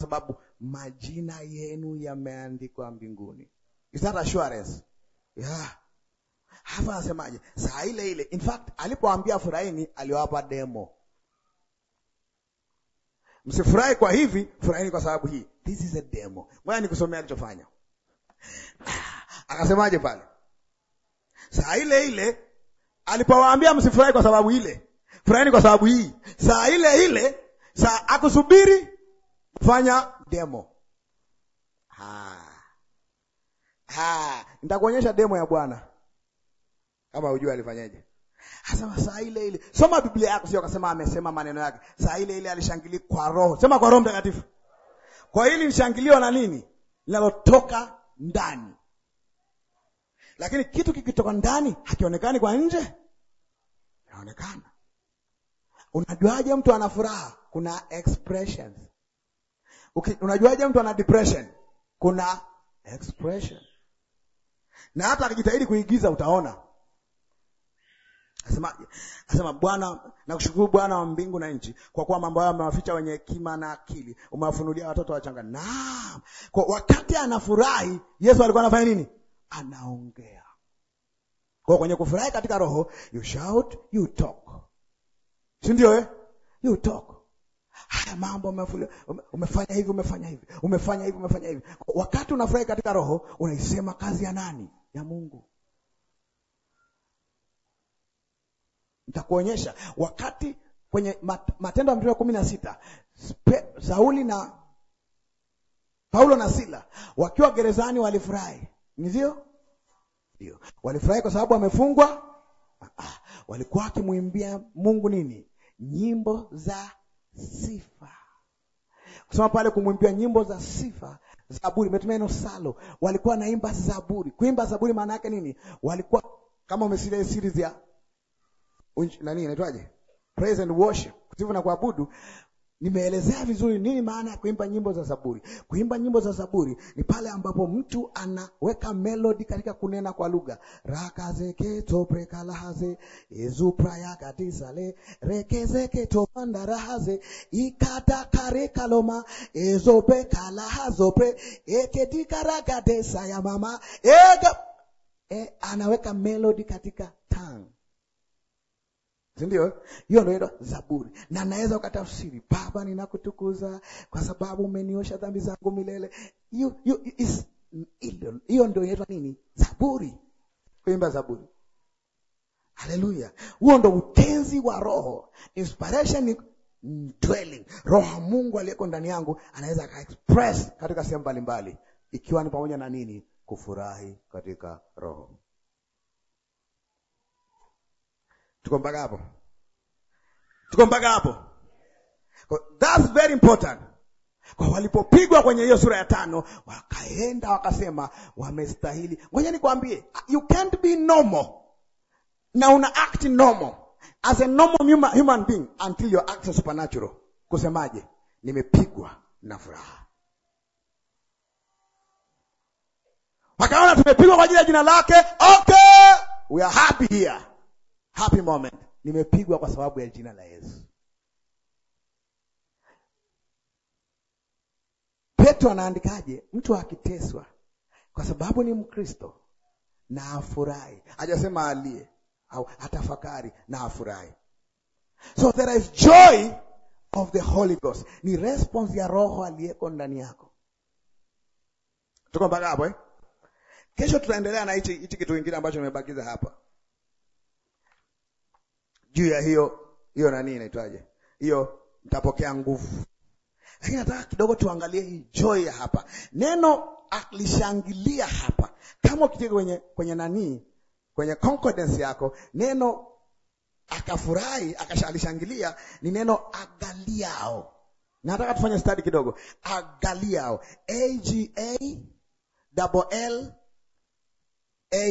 sababu majina yenu yameandikwa mbinguni. Is that assurance? Yeah. Hapa anasemaje? Saa ile ile. In fact, alipoambia furahini, aliwapa demo. Msifurahi kwa hivi, furahini kwa sababu hii. This is a demo. Ngoja nikusomea alichofanya. Ah, akasemaje pale? Saa ile ile alipowaambia msifurahi kwa sababu ile, furahini kwa sababu hii. Saa ile ile, saa akusubiri fanya demo. Ha. Ha. Nitakuonyesha demo ya Bwana kama hujua alifanyaje. Asema saa ile ile soma Biblia yako, sio akasema amesema maneno yake. Saa ile ile alishangilia kwa roho, sema kwa Roho Mtakatifu. Kwa hili nishangilio na nini linalotoka ndani, lakini kitu kikitoka ndani hakionekani kwa nje, inaonekana. Unajuaje mtu ana furaha? Kuna expressions unajuaje mtu ana depression? Kuna expression. Na hata akijitahidi kuigiza utaona. Asema, asema Bwana, nakushukuru Bwana wa mbingu na nchi kwa kuwa mambo hayo amewaficha wenye hekima na akili, umewafunulia watoto wachanga. Naam. Kwa wakati anafurahi, Yesu alikuwa anafanya nini? Anaongea. Kwa kwenye kufurahi katika roho, you shout, you talk. Si ndio eh? You talk haya mambo umefanya umefanya hivi umefanya hivi umefanya hivi umefanya hivi. Wakati unafurahi katika roho, unaisema kazi ya nani? Ya Mungu. Nitakuonyesha wakati kwenye Matendo ya Mitume kumi na sita Sauli na Paulo na Sila wakiwa gerezani walifurahi, ndio ndio walifurahi kwa sababu wamefungwa. Ah, ah. walikuwa wakimwimbia Mungu nini? Nyimbo za sifa. Kusema pale kumwimbia nyimbo za sifa, Zaburi metumia neno salo. Walikuwa naimba Zaburi. Kuimba Zaburi maana yake nini? Walikuwa kama umesikia series ya nani inaitwaje? Praise and worship, kusifu na kuabudu. Nimeelezea vizuri nini maana ya kuimba nyimbo za Zaburi. Kuimba nyimbo za Zaburi ni pale ambapo mtu anaweka melodi katika kunena kwa lugha rakazeke toprekalahaze ezuprayakatisale rekezeke topandarahaze ikatakarekaloma ezopekalahazopre ekedikaragadesa ya mama ega e, anaweka melodi katika tongue sindio Hiyo ndio ile Zaburi, na naweza ukatafsiri, Baba ninakutukuza kwa sababu umeniosha dhambi zangu milele. Hiyo hiyo ndio inaitwa nini? Zaburi, kuimba Zaburi. Haleluya! Huo ndo utenzi wa Roho. Inspiration ni dwelling. Roho wa Mungu aliyeko ndani yangu anaweza aka express katika sehemu mbalimbali, ikiwa ni pamoja na nini? Kufurahi katika Roho. Tuko mpaka hapo? Tuko mpaka hapo? That's very important. Kwa walipopigwa kwenye hiyo sura ya tano, wakaenda wakasema wamestahili. Ngoja nikwambie, you can't be normal na una act normal as a normal human being until you act supernatural. Kusemaje? Nimepigwa na furaha. Wakaona tumepigwa kwa ajili ya jina lake. Okay, we are happy here happy moment, nimepigwa kwa sababu ya jina la Yesu. Petro anaandikaje? Mtu akiteswa kwa sababu ni Mkristo na afurahi, hajasema alie au atafakari, na afurahi. So there is joy of the Holy Ghost, ni response ya Roho aliyeko ndani yako. Tuko mpaka hapo eh? Kesho tutaendelea na hichi hichi kitu kingine ambacho nimebakiza hapa juu ya hiyo hiyo nani inaitwaje hiyo, mtapokea nguvu. Lakini nataka kidogo tuangalie hii joy ya hapa, neno alishangilia hapa. Kama ukitega kwenye kwenye nani kwenye concordance yako, neno akafurahi akashalishangilia ni neno agaliao. Nataka tufanye study kidogo, agaliao, a g a double l a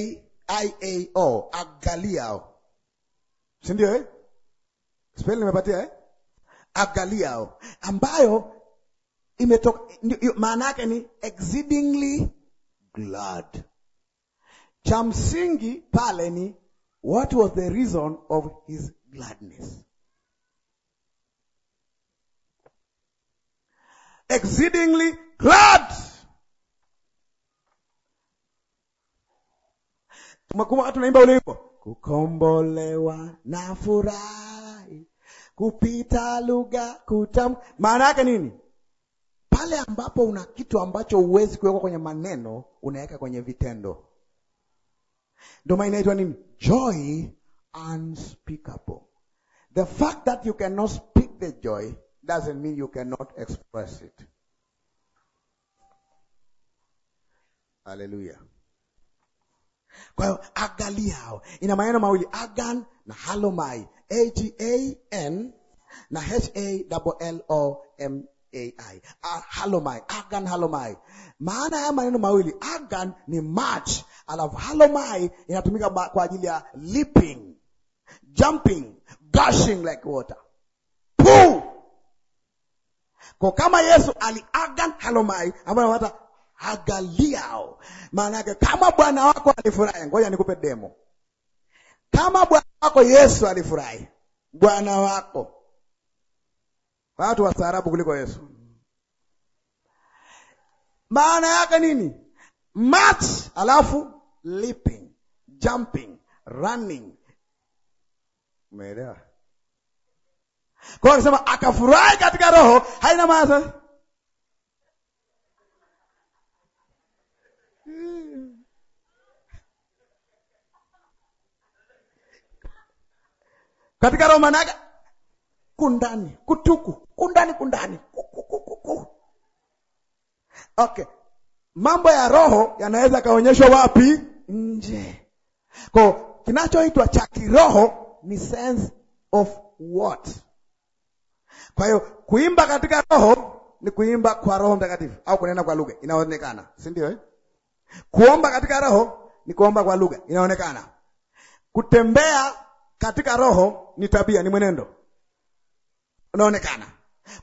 i a o, agaliao si ndio eh? Spell nimepatia eh? Agaliao ambayo imetoka, maana yake ni exceedingly glad. Cha msingi pale ni what was the reason of his gladness? Exceedingly glad. Tunaimba ule wimbo kukombolewa na furahi kupita lugha kutam. Maana yake nini? Pale ambapo una kitu ambacho huwezi kuwekwa kwenye maneno, unaweka kwenye vitendo. Ndio maana inaitwa nini? Joy unspeakable. The fact that you cannot speak the joy doesn't mean you cannot express it. Hallelujah. Kwa hiyo agali hao ina maneno mawili agan na halomai, A G A N na H A L O M A I, halomai, agan halomai. Maana ya maneno mawili agan ni march, alafu halomai inatumika kwa ajili ya leaping, jumping, gushing like water Poo! Kwa kama Yesu aliagan halomai ambayo hata Agaliao, maana yake kama bwana wako alifurahi. Ngoja nikupe demo. Kama bwana wako Yesu alifurahi, bwana wako, watu wastaarabu kuliko Yesu. Maana yake nini? March alafu leaping, jumping, running. Umeelewa? Kwa hiyo anasema akafurahi katika roho, haina maana katika roho managa kundani kutuku kundani kundani kukukuku. Okay, mambo ya roho yanaweza kaonyeshwa wapi? Nje. Kwa kinachoitwa cha kiroho ni sense of what. Kwa hiyo kuimba katika roho ni kuimba kwa Roho Mtakatifu au kunena kwa lugha inaonekana, si ndio eh? Kuomba katika roho ni kuomba kwa lugha, inaonekana. Kutembea katika roho ni tabia, ni mwenendo, unaonekana.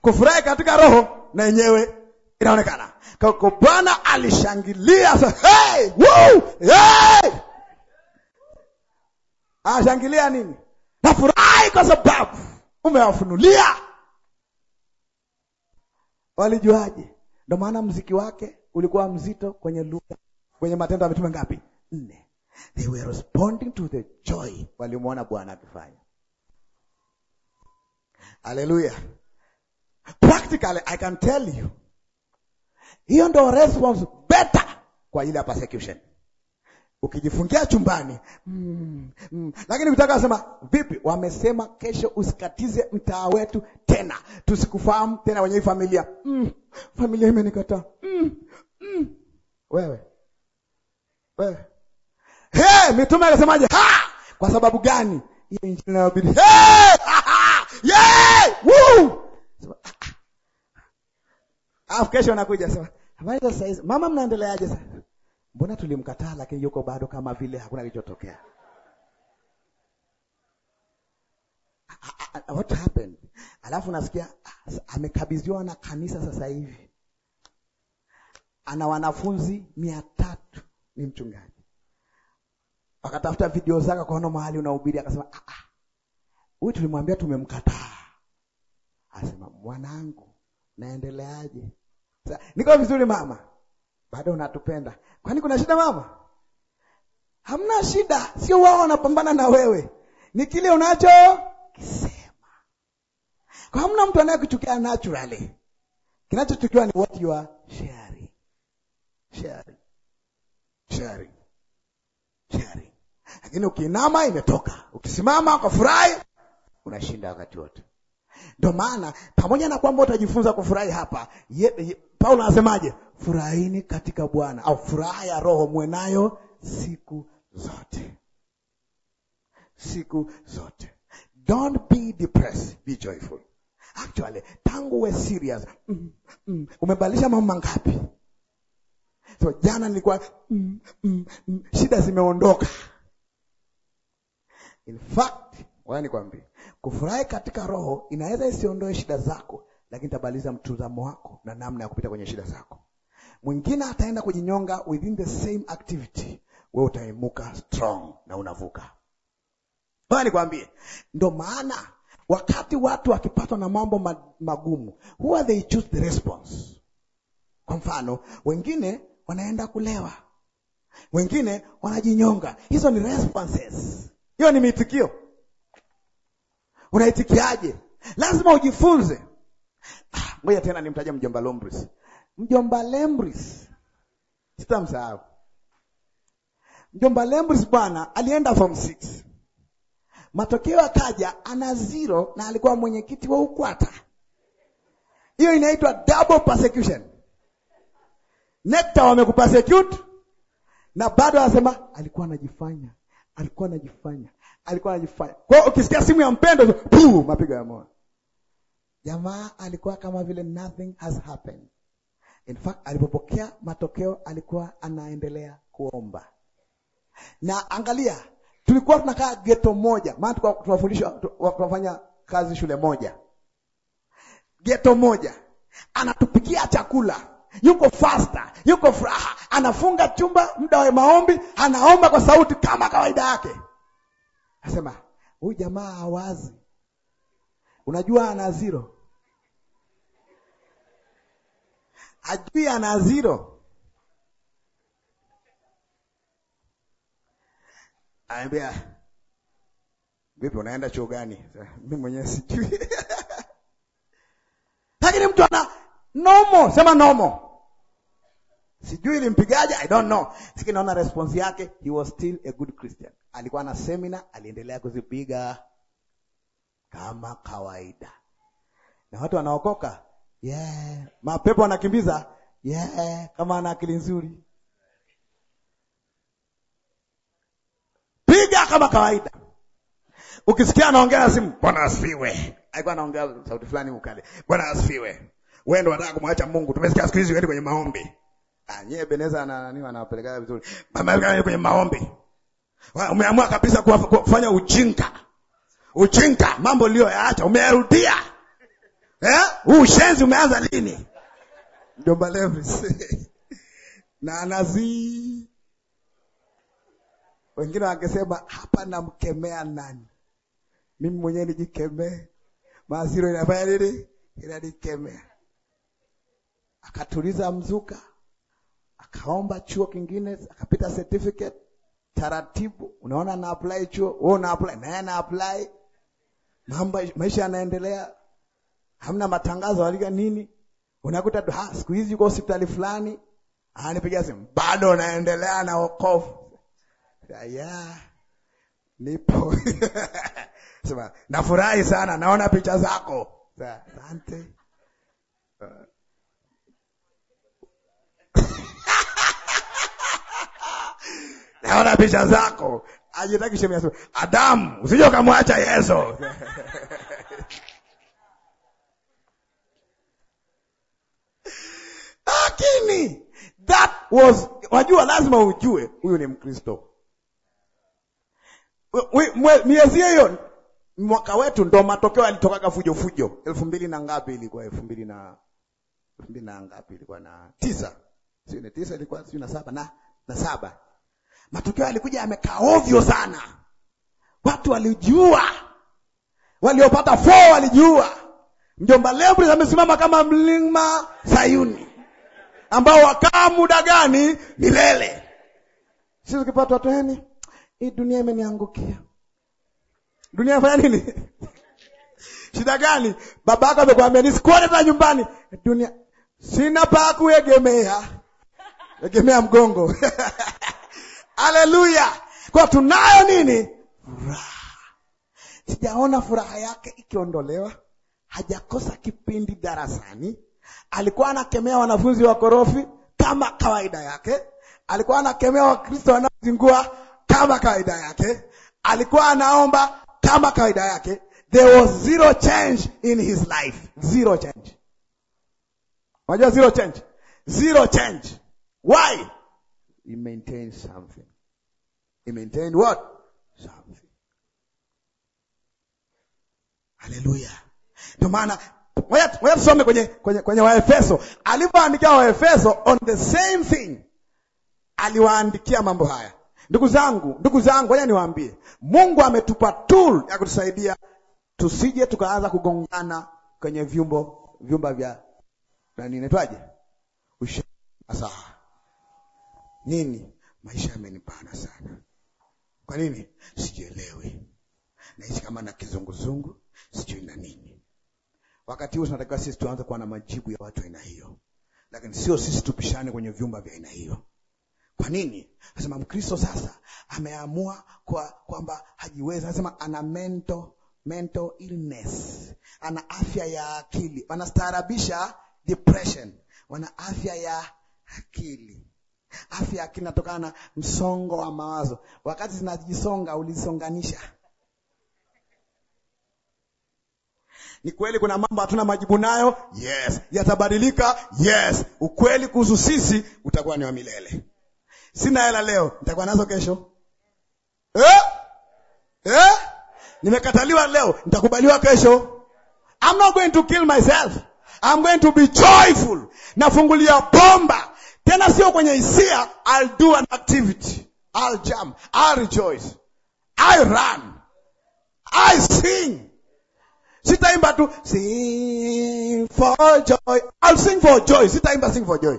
Kufurahi katika roho na yenyewe inaonekana. Kako Bwana alishangilia so, hey, woo, hey! Ashangilia nini? Nafurahi kwa sababu umewafunulia. Walijuaje? Ndio maana mziki wake ulikuwa mzito kwenye lugha kwenye Matendo ya Mitume ngapi? Nne. They were responding to the joy walimwona Bwana akifanya. Haleluya. Practically I can tell you, hiyo ndio response better kwa ile persecution. Ukijifungia chumbani mm, mm. Lakini ukitaka kusema vipi, wamesema kesho usikatize mtaa wetu tena, tusikufahamu tena wenye familia mm. Familia imenikataa mm. mm. Wewe wewe. Hey, mitume akasemaje? Ha! Kwa sababu gani? Hiyo injili inayohubiri. Hey! Yeah! Woo! Afu kesho anakuja sema, "Habari za sasa hizi? Mama mnaendeleaje sasa?" Mbona tulimkataa lakini yuko bado kama vile hakuna kilichotokea. What happened? Alafu nasikia amekabidhiwa na kanisa sasa hivi. Ana wanafunzi mia tatu ni mchungaji. Wakatafuta video zake, akaona mahali unahubiri, akasema ah ah, huyu tulimwambia tumemkataa. Asema mwanangu, naendeleaje? Sasa niko vizuri mama, bado unatupenda? Kwani kuna shida mama? Hamna shida, sio wao wanapambana na wewe, ni kile unacho kisema. Kwa hamna mtu anayekuchukia naturally, kinachochukiwa ni what you are sharing. Sharing sharing, sharing. Lakini ukiinama imetoka, ukisimama ukafurahi, unashinda wakati wote. Ndio maana pamoja na kwamba utajifunza kufurahi hapa ye, ye, Paulo anasemaje? Furahini katika Bwana, au furaha ya Roho mwe nayo siku zote, siku zote. Don't be depressed, be joyful. Actually, tangu we serious. Mm, mm. Umebadilisha mambo mangapi? so jana nilikuwa mm, mm, mm, shida zimeondoka. In fact, waani kwambie kufurahi katika roho inaweza isiondoe shida zako, lakini itabadilisha mtazamo wako na namna ya kupita kwenye shida zako. Mwingine ataenda kujinyonga within the same activity, wewe utaimuka strong na unavuka. Bwana kwambie, ndo maana wakati watu wakipatwa na mambo magumu, huwa they choose the response. Kwa mfano, wengine wanaenda kulewa, wengine wanajinyonga. Hizo ni responses, hiyo ni mitikio Unaitikiaje? Lazima ujifunze. Ah, ngoja tena nimtaja mjomba Lombris, mjomba Lembris, sitamsahau mjomba Lembris. Bwana alienda form 6 matokeo akaja ana zero, na alikuwa mwenyekiti wa UKWATA. Hiyo inaitwa double persecution. Nekta wamekupersecute na bado anasema alikuwa anajifanya, alikuwa anajifanya, alikuwa anajifanya. Kwa hiyo ukisikia simu ya mpendo tu, mapigo ya moyo, jamaa alikuwa kama vile nothing has happened. In fact, alipopokea matokeo alikuwa anaendelea kuomba, na angalia, tulikuwa tunakaa geto moja, maana tulikuwa tunafundishwa, tunafanya kazi shule moja, geto moja, anatupikia chakula yuko fasta, yuko furaha, anafunga chumba, muda wa maombi, anaomba kwa sauti kama kawaida yake. Anasema huyu jamaa hawazi, unajua ana zero, ajui ana zero. Aambia vipi, unaenda chuo gani? Mimi mwenyewe sijui lakini mtu ana nomo, sema nomo. Sijui ilimpigaje, I don't know. Sikini naona response yake, he was still a good Christian. Alikuwa na seminar, aliendelea kuzipiga kama kawaida. Na watu wanaokoka, yeah, mapepo wanakimbiza, yeah, kama ana akili nzuri. Piga kama kawaida. Ukisikia anaongea simu, Bwana asifiwe. Alikuwa anaongea sauti fulani mkali. Bwana asifiwe wewe ndo unataka kumwacha Mungu. Tumesikia siku hizi wewe kwenye maombi. Ah, yeye Beneza na nani wanawapelekaga vizuri. Mama yake kwenye maombi. Umeamua kabisa kufanya ujinga. Ujinga, mambo uliyoyaacha umeyarudia. Eh? Huu ushenzi umeanza lini? Mjomba Levis. na anazi wengine wangesema hapa namkemea nani? Mimi mwenyewe nijikemee. Maziro inafanya nini? Inanikemea akatuliza mzuka, akaomba chuo kingine, akapita certificate taratibu. Unaona na apply chuo, wewe una apply na yeye na apply, mambo maisha yanaendelea, hamna matangazo alika nini, unakuta ha, siku hizi uko hospitali fulani, anipigia simu, bado naendelea na wokovu yeah. Nipo sema nafurahi sana, naona picha zako. Asante. naona picha zako, ajitaki shemea, Adamu, usije ukamwacha Yesu. Lakini that was, wajua, lazima ujue huyu ni Mkristo. Miezi hiyo mwaka wetu ndo matokeo yalitokaga fujo fujo, elfu mbili na ngapi ilikuwa, elfu mbili na elfu mbili na ngapi ilikuwa, na tisa, sio ni tisa, ilikuwa sio na saba na na saba Matokeo yalikuja yamekaa ovyo sana. Watu walijua, waliopata fo walijua. Mjomba Lebris amesimama kama mlima Sayuni ambao wakaa muda gani? Milele. Sisi tukipata watu yani, hii dunia imeniangukia. Dunia inafanya nini? Shida gani? yako amekwambia nisikuone tena nyumbani. Dunia sina pa kuegemea, egemea mgongo Haleluya! Kwa tunayo nini? Furaha. Sijaona furaha yake ikiondolewa. Hajakosa kipindi darasani. Alikuwa anakemea wanafunzi wa korofi kama kawaida yake. Alikuwa anakemea Wakristo wanaozingua kama kawaida yake. Alikuwa anaomba kama kawaida yake. There was zero change in his life. Zero change. Unajua zero change? Zero change. Why? He maintained something. He maintained what? Something. Hallelujah. Ndio maana wewe tusome kwenye kwenye kwenye Waefeso. Alivyoandikia Waefeso on the same thing. Aliwaandikia mambo haya. Ndugu zangu, ndugu zangu, ngoja niwaambie. Mungu ametupa tool ya kutusaidia tusije tukaanza kugongana kwenye vyumbo vyumba vya nani inaitwaje? Ushirika nini, maisha yamenipana sana. Kwa nini sijielewi? Naishi kama na kizunguzungu, sijui na nini. Wakati huo tunatakiwa sisi tuanze kuwa na majibu ya watu aina hiyo, lakini sio sisi tupishane kwenye vyumba vya aina hiyo. Kwa nini? Anasema Mkristo sasa ameamua kwa kwamba hajiwezi, anasema ana mental mental illness, ana afya ya akili, wanastaarabisha depression, wana afya ya akili. Afya kinatokana na msongo wa mawazo. Wakati zinajisonga ulizisonganisha. Ni kweli kuna mambo hatuna majibu nayo, yes. Yatabadilika, yes. Ukweli kuhusu sisi utakuwa ni wa milele. Sina hela leo, nitakuwa nazo kesho. Eh? Eh? Nimekataliwa leo, nitakubaliwa kesho. I'm not going to kill myself. I'm going to be joyful. Nafungulia bomba tena sio kwenye hisia, I'll do an activity, I'll jump, I'll rejoice, I run, I sing. Sitaimba tu sing for joy, I'll sing for joy. Sitaimba sing for joy.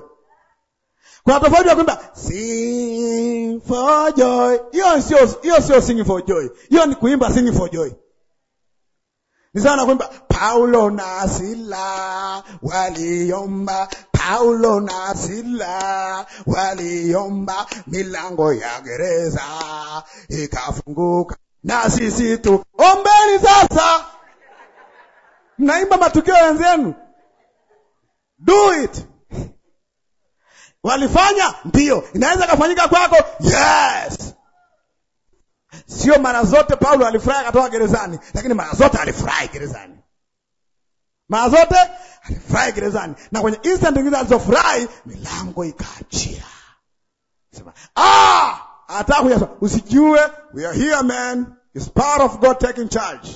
Kuna tofauti ya kuimba sing for joy, hiyo sio hiyo sio singing for joy, hiyo ni kuimba singing for joy. Ni sawa na kwamba Paulo na Sila waliomba, Paulo na Sila waliomba, milango ya gereza ikafunguka. Na sisi tu ombeni sasa. Mnaimba matukio wenzenu, do it. Walifanya, ndio Inaweza kafanyika kwako, yes. Sio mara zote Paulo alifurahi akatoka gerezani, lakini mara zote alifurahi gerezani, mara zote alifurahi gerezani. Na kwenye instant nyingine alizofurahi, milango ikaachia, sema ah, hata kuja usijue, we are here man, is part of God taking charge.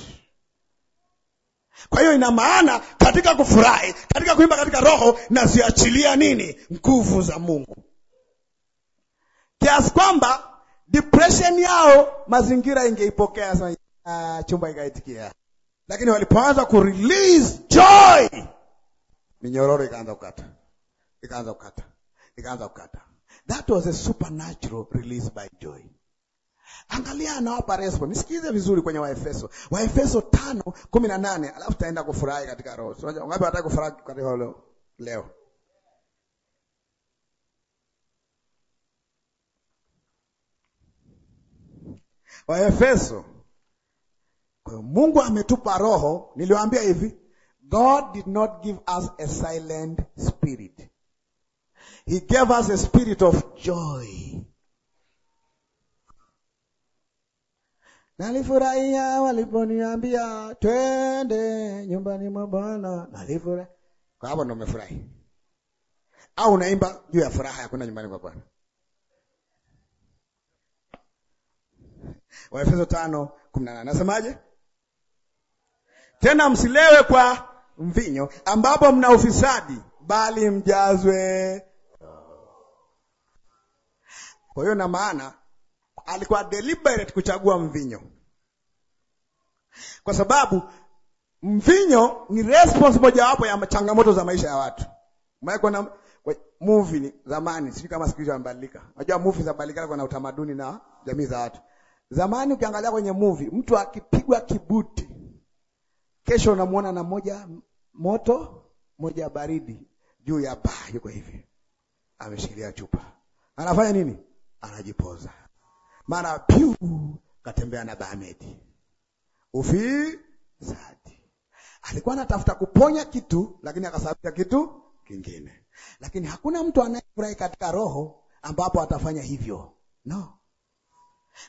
Kwa hiyo ina maana katika kufurahi, katika kuimba, katika roho naziachilia nini, nguvu za Mungu, kiasi kwamba depression yao mazingira ingeipokea sana, uh, chumba ikaitikia, lakini walipoanza ku release joy, minyororo ikaanza kukata, ikaanza kukata, ikaanza kukata. That was a supernatural release by joy. Angalia anawapa response. Nisikize vizuri kwenye Waefeso. Waefeso 5:18, alafu taenda kufurahi katika roho. Unajua ngapi wangapi wataka kufurahi katika roho leo? Waefeso. Kwa hiyo Mungu ametupa roho, niliwaambia hivi, God did not give us a silent spirit. He gave us a spirit of joy. Nalifurahia waliponiambia twende nyumbani mwa Bwana. Nalifurahi. Kwa hapo ndo umefurahi. Au unaimba juu ya furaha ya kwenda nyumbani kwa Bwana. Waefeso tano kumi na nane nasemaje? Tena msilewe kwa mvinyo ambapo mna ufisadi, bali mjazwe. Kwa hiyo na maana alikuwa deliberate kuchagua mvinyo, kwa sababu mvinyo ni response mojawapo ya changamoto za maisha ya watu. Maana movie ni zamani, sijui kama siku hizi Unajua movie zabadilika kwa na utamaduni na jamii za watu. Zamani ukiangalia kwenye movie, mtu akipigwa kibuti, kesho unamwona na moja moto moja baridi juu ya paa, yuko hivi ameshikilia chupa, anafanya nini? Anajipoza mara piu, katembea na ufi sadi. Alikuwa anatafuta kuponya kitu, lakini akasababisha kitu kingine. Lakini hakuna mtu anayefurahi katika roho ambapo atafanya hivyo, no.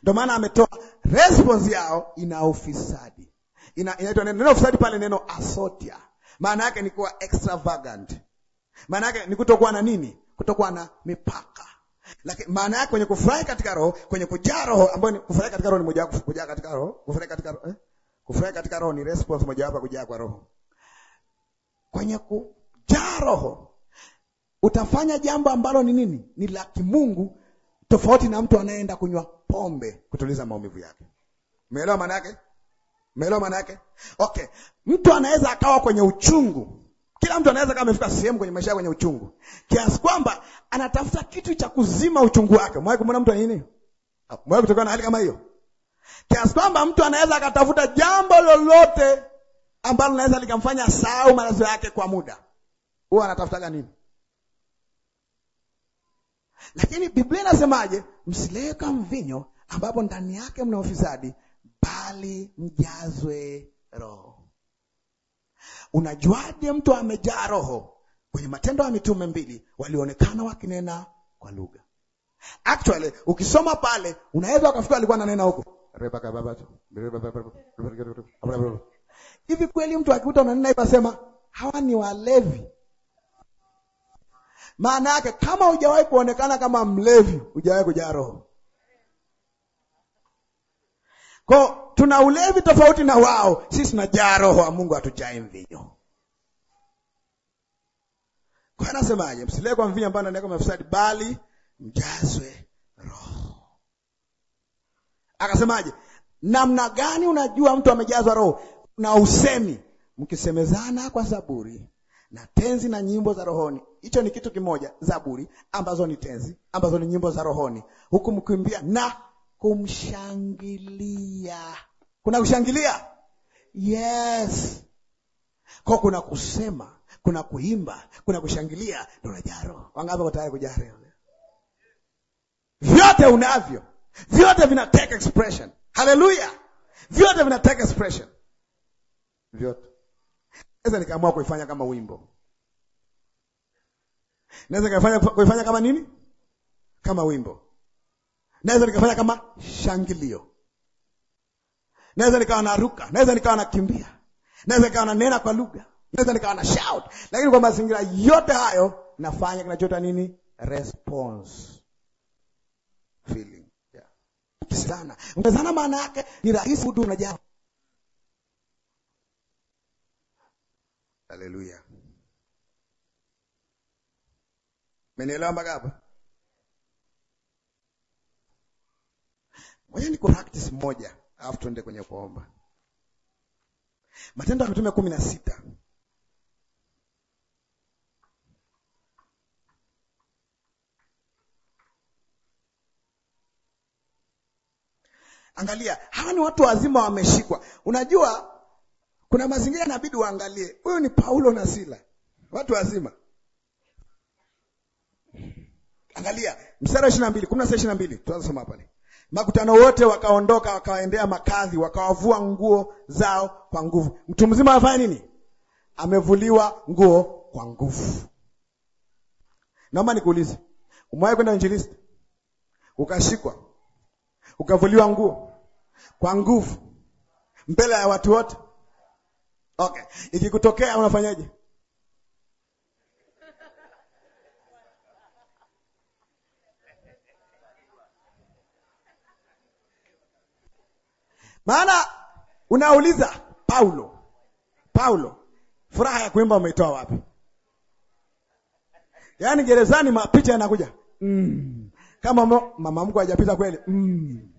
Ndio maana ametoa response yao ina ufisadi. Ina, inaitwa neno, neno ufisadi pale neno asotia. Maana yake ni kuwa extravagant. Maana yake ni kutokuwa na nini? Kutokuwa na mipaka. Lakini maana yake kwenye kufurahi katika roho, kwenye kujaa roho ambayo ni kufurahi katika roho ni moja wapo kujaa katika roho, kufurahi katika roho. Eh? Kufurahi katika roho ni response moja wapo kujaa kwa roho. Kwenye kujaa roho utafanya jambo ambalo ni nini? Ni la kimungu tofauti na mtu anayeenda kunywa pombe kutuliza maumivu yake. Umeelewa maana yake? Umeelewa maana yake? Okay, mtu anaweza akawa kwenye uchungu. Kila mtu anaweza kama amefika sehemu kwenye maisha kwenye uchungu kiasi kwamba anatafuta kitu cha kuzima uchungu wake. Mwaje kumwona mtu nini? Mwaje kutokana na hali kama hiyo, kiasi kwamba mtu anaweza akatafuta jambo lolote ambalo linaweza likamfanya sahau malazo yake kwa muda. Huwa anatafutaga nini? Lakini Biblia inasemaje? msileweka kama mvinyo ambapo ndani yake mna ufisadi, bali mjazwe Roho. Unajuaje mtu amejaa Roho? Kwenye Matendo ya Mitume mbili walionekana wakinena kwa lugha. Actually ukisoma pale unaweza ukafikiri alikuwa ananena huko hivi. Kweli mtu akikuta unanena hivyo, asema hawa ni walevi. Maana yake kama hujawahi kuonekana kama mlevi, hujawahi kujaa roho. Kwa tuna ulevi tofauti na wao, sisi tunajaa roho wa Mungu, hatujai mvinyo. Kwa nasemaje Msilewe kwa mvinyo ambao ndani yake mafisadi, bali mjazwe roho. Akasemaje? Namna gani unajua mtu amejazwa roho? Na usemi mkisemezana kwa saburi na tenzi na nyimbo za rohoni. Hicho ni kitu kimoja, Zaburi ambazo ni tenzi, ambazo ni nyimbo za rohoni, huku mkimbia na kumshangilia. Kuna kushangilia, yes, kwa kuna kusema, kuna kuimba, kuna kushangilia, ndio unajaa roho. Wangapi wako tayari kujaro? Vyote unavyo, vyote vina take expression. Haleluya, vyote vina take expression, vyote naweza nikaamua kuifanya kama wimbo, naweza nikafanya kuifanya kama nini, kama wimbo, naweza nikafanya kama shangilio, naweza nikawa naruka, naweza nikawa nakimbia, naweza nikawa nanena kwa lugha, naweza nikawa na shout, lakini kwa mazingira yote hayo nafanya kinachota nini, response feeling, yeah. Mtazana maana yake ni rahisi, unajaa Haleluya. menielewa mpaka hapa? Ngoja niku practice moja, alafu tuende kwenye kuomba. Matendo ya Mitume kumi na sita Angalia, hawa ni watu wazima wameshikwa. Unajua kuna mazingira inabidi waangalie. Huyu ni Paulo na Sila, watu wazima. Angalia mstari wa 22, 16 22, soma hapa ni makutano wote wakaondoka, wakawaendea makadhi, wakawavua nguo zao kwa nguvu. Mtu mzima afanye nini? Amevuliwa nguo kwa nguvu. Naomba nikuulize, umewahi kwenda injilisti ukashikwa ukavuliwa nguo kwa nguvu mbele ya watu wote? Okay, ikikutokea unafanyaje? Maana unauliza Paulo, Paulo, furaha ya kuimba umeitoa wapi? Yaani gerezani mapicha yanakuja mm. Kama mama mkwe hajapita kweli mm.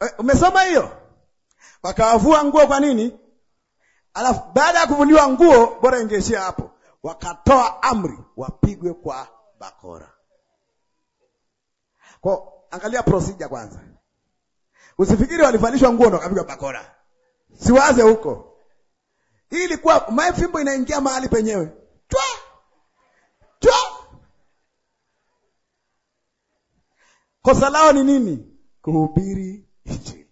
Eh, umesoma hiyo? Wakawavua nguo kwa nini? Alafu baada ya kuvuliwa nguo, bora ingeishia hapo, wakatoa amri wapigwe kwa bakora. Kwa angalia procedure kwanza, usifikiri walivalishwa nguo ndo wakapigwa bakora, siwaze huko. Hii ilikuwa fimbo inaingia mahali penyewe, twa twa. Kosa lao ni nini? Kuhubiri Injili.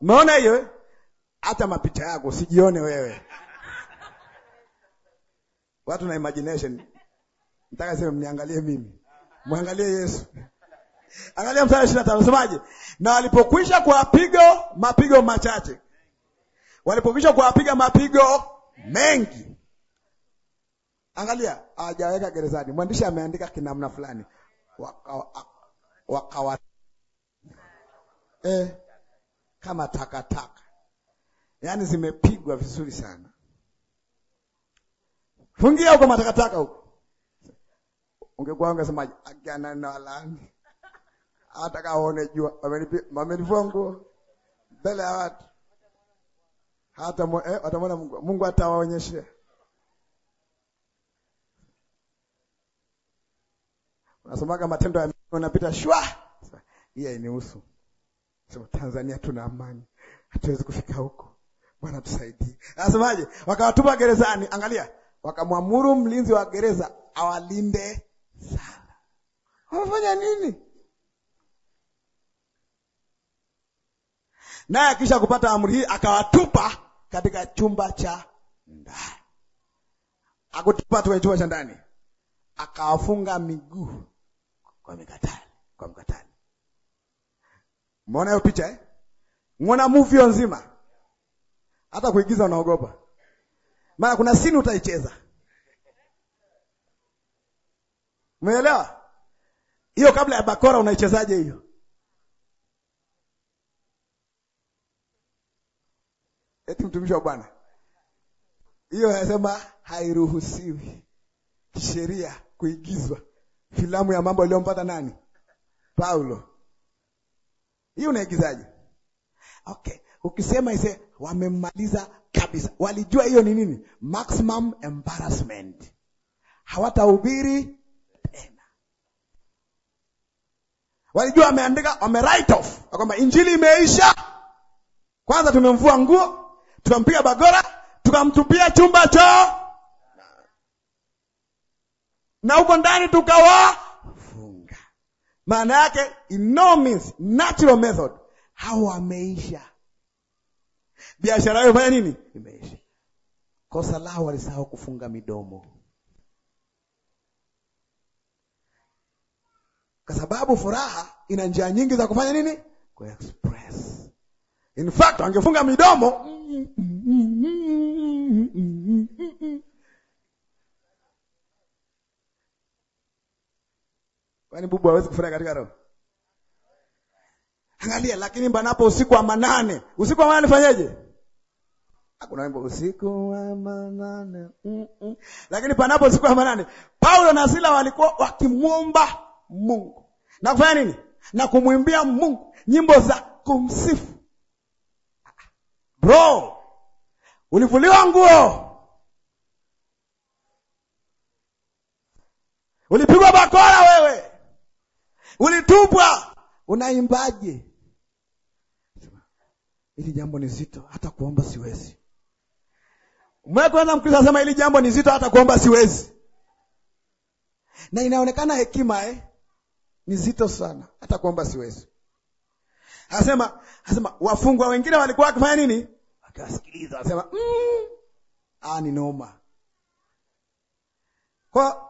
Umeona hiyo? Hata mapita yako sijione wewe. Watu na imagination. Nataka sema mniangalie mimi. Mwangalie Yesu. Angalia mstari 25 semaje? Na walipokwisha kuwapiga mapigo machache. Walipokwisha kuwapiga mapigo mengi. Angalia, hajaweka gerezani. Mwandishi ameandika kinamna fulani wakawa eh, kama takataka taka. Yaani zimepigwa vizuri sana. Fungia huko matakataka huko. Ungekuwa ungesema agana na walani. Hata kaone jua, wamenivua nguo mbele ya watu. Hata eh, watamwona Mungu. Mungu atawaonyeshea. Nasomaga matendo ya shwa, hiyo inihusu. Sema Tanzania tuna amani, hatuwezi kufika huko, Bwana tusaidie. Anasemaje? Wakawatupa gerezani, angalia, wakamwamuru mlinzi wa gereza awalinde sana. Wamefanya nini? Naye akisha kupata amri hii akawatupa katika chumba cha ndani. Akutupa tu chumba cha ndani, akawafunga miguu mikatani, kwa mkatali. Umeona hiyo picha eh? Umeona movie nzima, hata kuigiza unaogopa, maana kuna sini utaicheza. Umeelewa hiyo? Kabla ya bakora unaichezaje hiyo? Eti mtumishi wa Bwana, hiyo anasema hairuhusiwi kisheria kuigizwa filamu ya mambo aliyompata nani? Paulo. Hiyo unaigizaje? Okay, ukisema ise wamemmaliza kabisa. Walijua hiyo ni nini? Maximum embarrassment. Hawatahubiri tena. Walijua wameandika, wame write off kwamba injili imeisha. Kwanza tumemvua nguo, tukampiga bagora, tukamtupia chumba choo na huko ndani tukawafunga. Maana yake in no means natural method, hao wameisha. Biashara yao fanya nini? Imeisha. Kosa lao walisahau kufunga midomo, kwa sababu furaha ina njia nyingi za kufanya nini, ku express. In fact, wangefunga midomo Kwani bubu hawezi kufurahi katika roho? Angalia, lakini mbanapo usiku wa manane. Usiku wa manane nifanyeje? Hakuna ah, wimbo usiku wa manane. Mm -mm. Lakini panapo usiku wa manane, Paulo na Sila walikuwa wakimwomba Mungu. Na kufanya nini? Na kumwimbia Mungu nyimbo za kumsifu. Bro, ulivuliwa nguo. Ulipigwa bakora wewe ulitupwa, unaimbaje? Hili jambo ni zito, hata kuomba siwezi. Mwana Mkristo asema hili jambo ni zito, hata kuomba siwezi, na inaonekana hekima eh? Ni zito sana, hata kuomba siwezi. asema asema wafungwa wengine walikuwa wakifanya nini? Wakiwasikiliza anasema mm, ah, ni noma kwa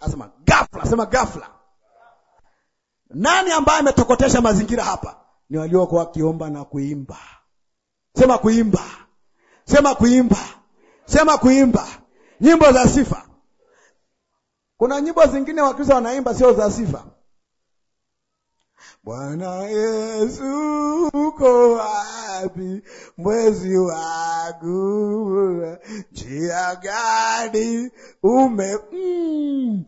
Asema ghafla, sema ghafla. Nani ambaye ametokotesha mazingira hapa? Ni waliokuwa wakiomba na kuimba. Sema kuimba, sema kuimba, sema kuimba nyimbo za sifa. Kuna nyimbo zingine Wakristo wanaimba sio za sifa Bwana Yesu uko wapi? Mwezi wangu njia gani ume mm.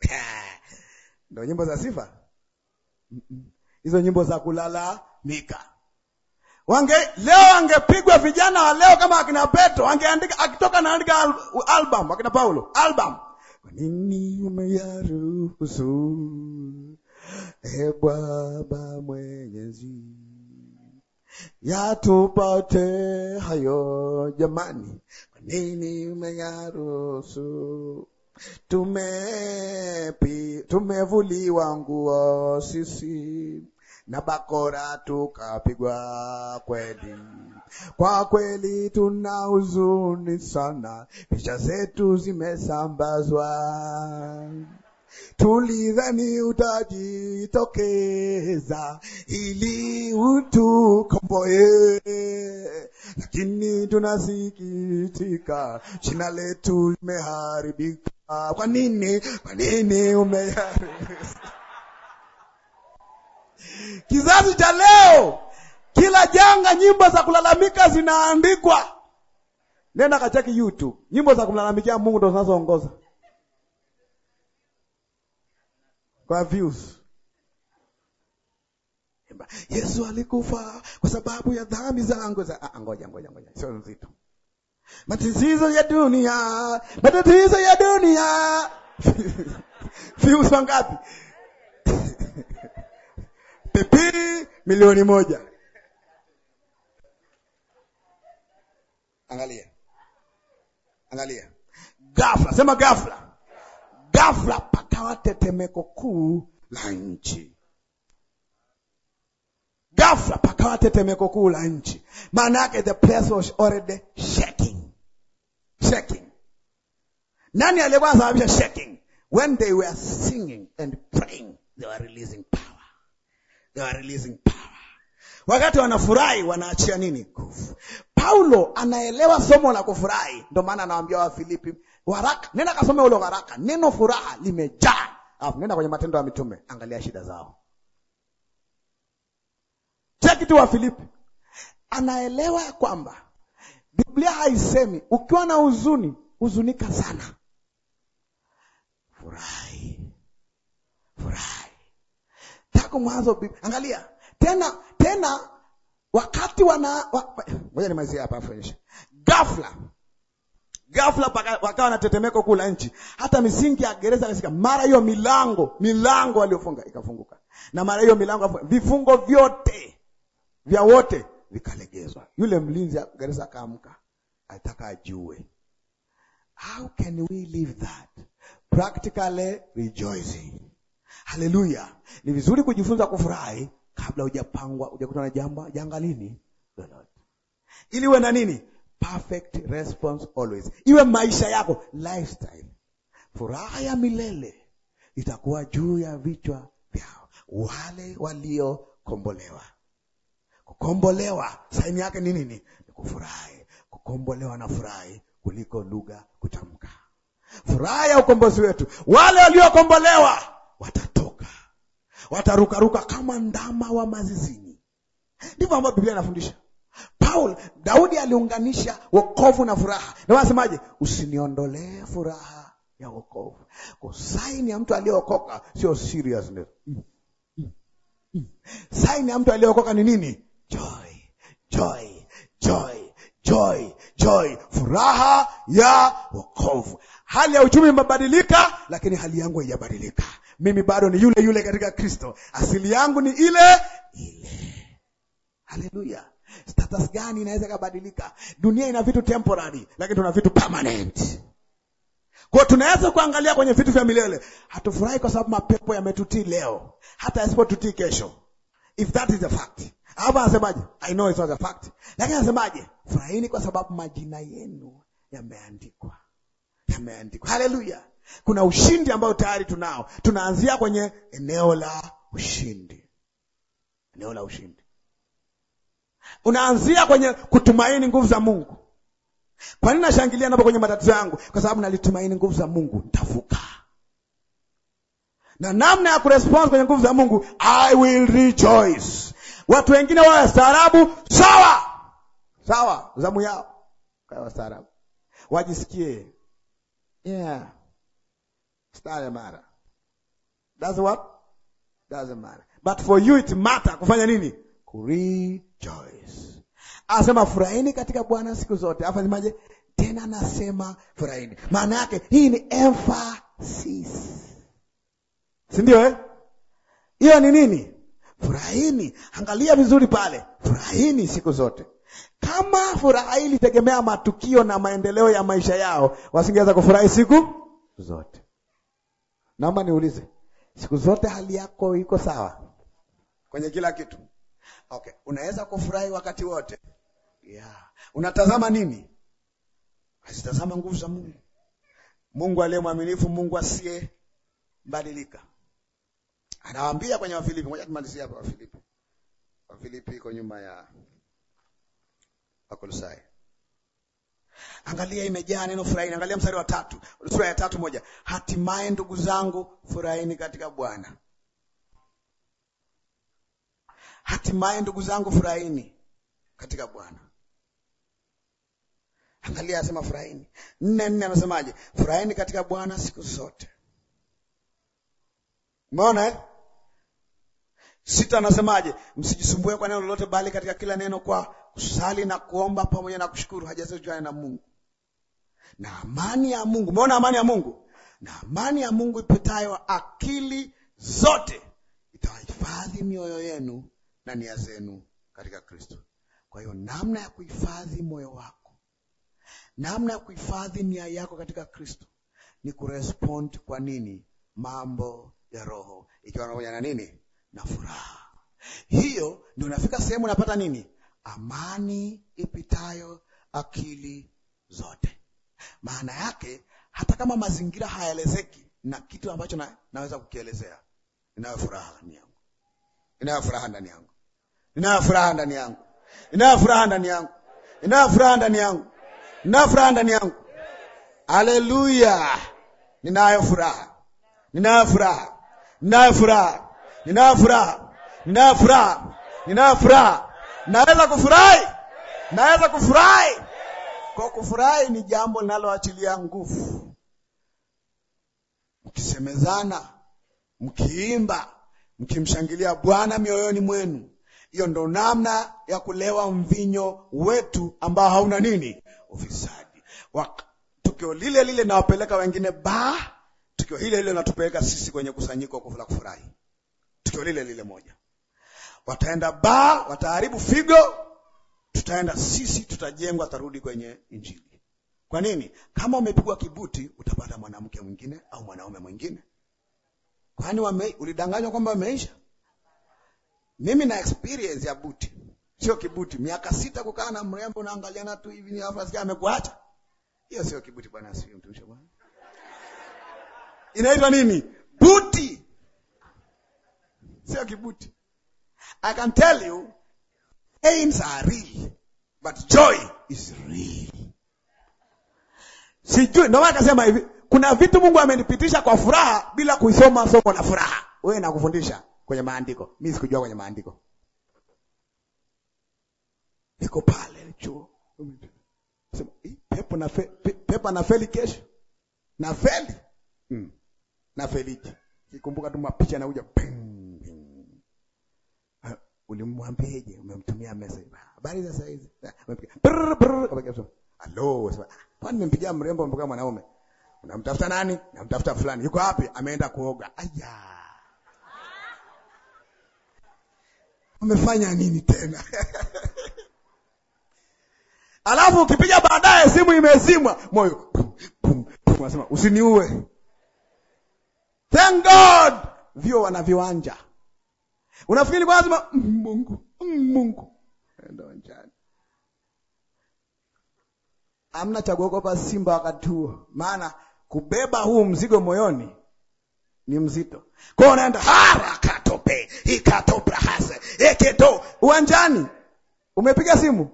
Ndo nyimbo za sifa hizo, nyimbo za kulala mika Wange leo wangepigwa vijana wa leo kama akina Petro, angeandika akitoka naandika album, akina Paulo album Kwanini umeyaruhusu? E Baba Mwenyezi, yatupate hayo jamani, kwanini umeyaruhusu? Tumepi, tumevuliwa nguo sisi na bakora tukapigwa kweli kwa kweli tuna huzuni sana, picha zetu zimesambazwa. Tulidhani utajitokeza ili utukomboe, lakini tunasikitika, jina letu limeharibika. Kwa nini? Kwa nini umeharibika? Kizazi cha leo kila janga nyimbo za kulalamika zinaandikwa. Nenda kacheki YouTube, nyimbo za kumlalamikia Mungu ndo zinazoongoza kwa views. Yesu alikufa kwa sababu ya dhambi zangu. Za ah, ngoja ngoja ngoja, sio nzito. Matatizo ya dunia, matatizo ya dunia. Views wangapi? Pepiri milioni moja. Angalia, angalia, gafla. sema gafla gafla? pakawa tetemeko kuu la nchi. Gafla pakawa tetemeko kuu la nchi, maana yake the place was already shaking. Shaking. Nani alikuwa sababisha shaking? When they were singing and praying, they were releasing power. They were releasing power. Wakati wanafurahi wanaachia nini? Paulo anaelewa somo la kufurahi, ndio maana anawaambia Wafilipi waraka nenda kasome ule waraka, neno furaha limejaa. Alafu nenda kwenye Matendo ya Mitume, angalia shida zao. Cheki tu wafilipi anaelewa ya kwamba Biblia haisemi ukiwa na huzuni huzunika sana, furahi furahi. Tako mwanzo angalia tena tena wakati wana ngoja nimalizie hapa afundisha. Ghafla ghafla wakawa na tetemeko kuu la nchi, hata misingi ya gereza kasika. Mara hiyo milango milango waliofunga ikafunguka, na mara hiyo milango, vifungo vyote vya wote vikalegezwa. Yule mlinzi gereza akaamka, alitaka ajue, how can we live that practically rejoicing. Haleluya! Ni vizuri kujifunza kufurahi kabla hujapangwa hujakutana jamba janga lini lolote, ili uwe na nini? Perfect response always, iwe maisha yako lifestyle. Furaha ya milele itakuwa juu ya vichwa vyao wale waliokombolewa. Kukombolewa saini yake ni nini? Ni kufurahi. Kukombolewa na furahi kuliko lugha kutamka. Furaha ya ukombozi wetu, wale waliokombolewa watatoka watarukaruka kama ndama wa mazizini. Ndivyo ambavyo Biblia inafundisha. Paul, Daudi aliunganisha wokovu na furaha, ndio anasemaje, usiniondolee furaha ya wokovu. Kwa saini ya mtu aliyeokoka sio serious ndio. Mm, mm, mm. Saini ya mtu aliyeokoka ni nini? Joy, joy, joy, joy, joy, furaha ya wokovu. Hali ya uchumi imebadilika, lakini hali yangu haijabadilika. Mimi bado ni yule yule katika Kristo, asili yangu ni ile ile. Haleluya! Status gani inaweza kabadilika? Dunia ina vitu temporary, lakini tuna vitu permanent. Kwa tunaweza kuangalia kwenye vitu vya milele. Hatufurahi kwa sababu mapepo yametutii leo, hata yasipotutii kesho, if that is a fact. Hapa anasemaje? I know it's not a fact, lakini anasemaje? Furahini kwa sababu majina yenu yameandikwa yameandikwa. Haleluya! Kuna ushindi ambao tayari tunao. Tunaanzia kwenye eneo la ushindi, eneo la ushindi. Unaanzia kwenye kutumaini nguvu za Mungu. Kwa nini nashangilia napo kwenye matatizo yangu? Kwa sababu nalitumaini nguvu za Mungu, nitavuka. Na namna ya kuresponse kwenye nguvu za Mungu, I will rejoice. Watu wengine wawe wastaarabu, sawa sawa, zamu yao kawa wastaarabu, wajisikie Yeah. not a matter. That's what? Doesn't matter. But for you it matter. Kufanya nini? Rejoice. Asema furahini katika Bwana siku zote. Afanyemaje? Tena anasema furahini. Maana yake hii ni emphasis. Si ndio eh? Hiyo ni nini? Furahini. Angalia vizuri pale. Furahini siku zote. Kama furaha hii ilitegemea matukio na maendeleo ya maisha yao, wasingeweza kufurahi siku zote. Naomba niulize, siku zote hali yako iko sawa kwenye kila kitu? Okay, unaweza kufurahi wakati wote? Yeah. Unatazama nini? azitazama nguvu za Mungu, Mungu aliye mwaminifu, Mungu asiye badilika. Anawaambia kwenye Wafilipi, ngoja tumalizie hapa Wafilipi. Wafilipi iko nyuma ya Wakolosai. Angalia, imejaa neno furahini. Angalia mstari wa tatu, sura ya tatu moja, hatimaye ndugu zangu furahini katika Bwana. Hatimaye ndugu zangu furahini katika Bwana. Angalia, asema furahini. Nne nne anasemaje? Furahini katika Bwana siku zote. Umeona eh? Sita anasemaje? Msijisumbue kwa neno lolote, bali katika kila neno kwa kusali na kuomba pamoja na kushukuru haja na Mungu. Na amani ya Mungu, umeona amani ya Mungu? Na amani ya Mungu ipitayo akili zote itawahifadhi mioyo yenu na nia zenu katika Kristo. Kwa hiyo namna ya kuhifadhi moyo wako, namna ya kuhifadhi nia yako katika Kristo ni kurespond kwa nini mambo ya Roho, ikiwa na nini na furaha. Hiyo ndio unafika sehemu unapata nini? Amani ipitayo akili zote. Maana yake hata kama mazingira hayaelezeki, na kitu ambacho na, naweza kukielezea, ninayo furaha ndani yangu, ninayo furaha ndani yangu, ninayo furaha ndani yangu, ninayo furaha ndani yangu, ninayo furaha ndani yangu, ninayo furaha ndani yangu. Haleluya! Ninayo furaha, ninayo furaha, ninayo furaha Ninayo furaha, ninayo furaha, ninayo furaha. Naweza kufurahi, naweza kufurahi. Kwa kufurahi ni jambo linaloachilia nguvu, mkisemezana, mkiimba, mkimshangilia Bwana mioyoni mwenu. Hiyo ndo namna ya kulewa mvinyo wetu ambao hauna nini? Ufisadi. Tukio lile lile nawapeleka wengine ba, tukio hile hile natupeleka sisi kwenye kusanyiko la kufurahi pito lile lile moja. Wataenda ba, wataharibu figo, tutaenda sisi, tutajengwa, tarudi kwenye Injili. Kwa nini? Kama umepigwa kibuti, utapata mwanamke mwingine au mwanaume mwingine. Kwani wame, ulidanganywa kwamba wameisha? Mimi na experience ya buti, sio kibuti. Miaka sita kukaa na mrembo, unaangaliana tu hivi, ni hapa sija amekuacha. Hiyo sio kibuti bwana, sio mtumishi bwana. Inaitwa nini? Buti sio kibuti. I can tell you pains are real but joy is real. Sijui ndio maana akasema hivi, kuna vitu Mungu amenipitisha kwa furaha bila kuisoma somo la furaha. Wewe nakufundisha kwenye maandiko, mimi sikujua kwenye maandiko, niko pale chuo sema pepo na fe, pe, na feli kesho na feli mm. na feliji kikumbuka tu mapicha yanakuja ping ulimwambieje? Umemtumia message, ah, habari za hizi? brr brr, saizi, Sasa kwani nimpigia mrembo mboga mwanaume? Unamtafuta nani? Namtafuta fulani. Yuko wapi? Ameenda kuoga. Aya, umefanya nini tena? Alafu ukipiga baadaye simu imezimwa, moyo unasema usiniue. Thank God, vio wana viwanja Unafikiri lazima mm, Mungu mm, Mungu ndio njani? Amna cha kuogopa simba wakati huo, maana kubeba huu mzigo moyoni ni mzito. Kwa hiyo unaenda harakatope ikatobrahase eketo uwanjani, umepiga simu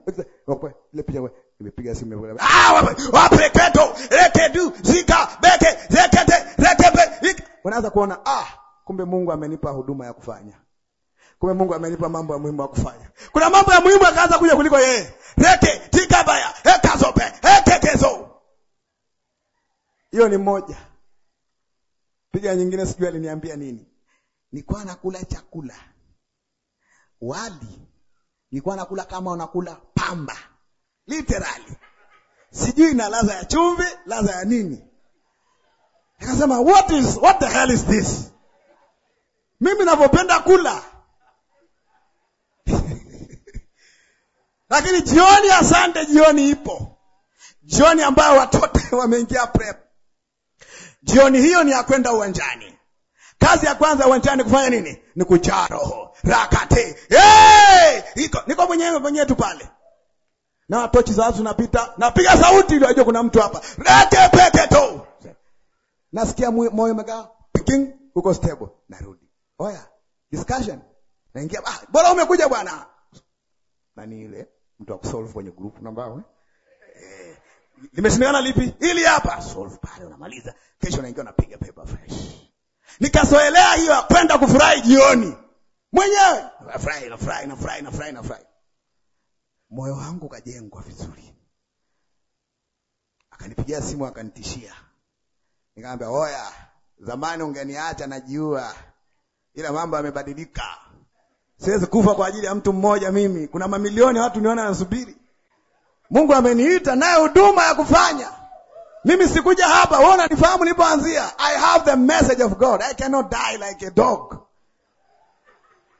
ile picha imepiga simu ah, wapreketo rekedu zika beke zekete rekepe, unaanza kuona ah, kumbe Mungu amenipa huduma ya kufanya Kumbe Mungu amenipa mambo ya muhimu ya kufanya. Kuna mambo ya muhimu akaanza kuja kuliko yeye. Reke tikabaya hekazope hekekezo. Hiyo ni moja. Piga nyingine, sijui aliniambia nini. Nilikuwa nakula chakula wali, nilikuwa nakula kama unakula pamba, literally sijui na ladha ya chumvi, ladha ya nini. Nikasema what is what the hell is this? Mimi ninavyopenda kula Lakini jioni, asante, jioni ipo. Jioni ambayo watoto wameingia prep. Jioni hiyo ni ya kwenda uwanjani. Kazi ya kwanza uwanjani kufanya nini? Ni kujaa roho. Rakate. Hey! iko niko mwenyewe mwenyewe tu pale. Na tochi za watu napita, napiga sauti ili wajue kuna mtu hapa. Rete peke tu. Nasikia moyo mega picking uko stable. Narudi. Oya. Discussion. Naingia. Ah, bora umekuja bwana. Nani ile? mtu akusolve kwenye group namba mbao eh, limesemekana lipi ili hapa, solve pale, unamaliza kesho, naingia unapiga paper fresh. Nikasoelea hiyo ya kwenda kufurahi jioni mwenyewe, nafurahi nafurahi nafurahi nafurahi nafurahi, moyo wangu kajengwa vizuri. Akanipigia simu akanitishia, nikamwambia oya, zamani ungeniacha najua, ila mambo yamebadilika Siwezi kufa kwa ajili ya mtu mmoja mimi. Kuna mamilioni watu niona nasubiri. Mungu ameniita naye huduma ya kufanya. Mimi sikuja hapa, wewe unanifahamu nilipoanzia. I have the message of God. I cannot die like a dog.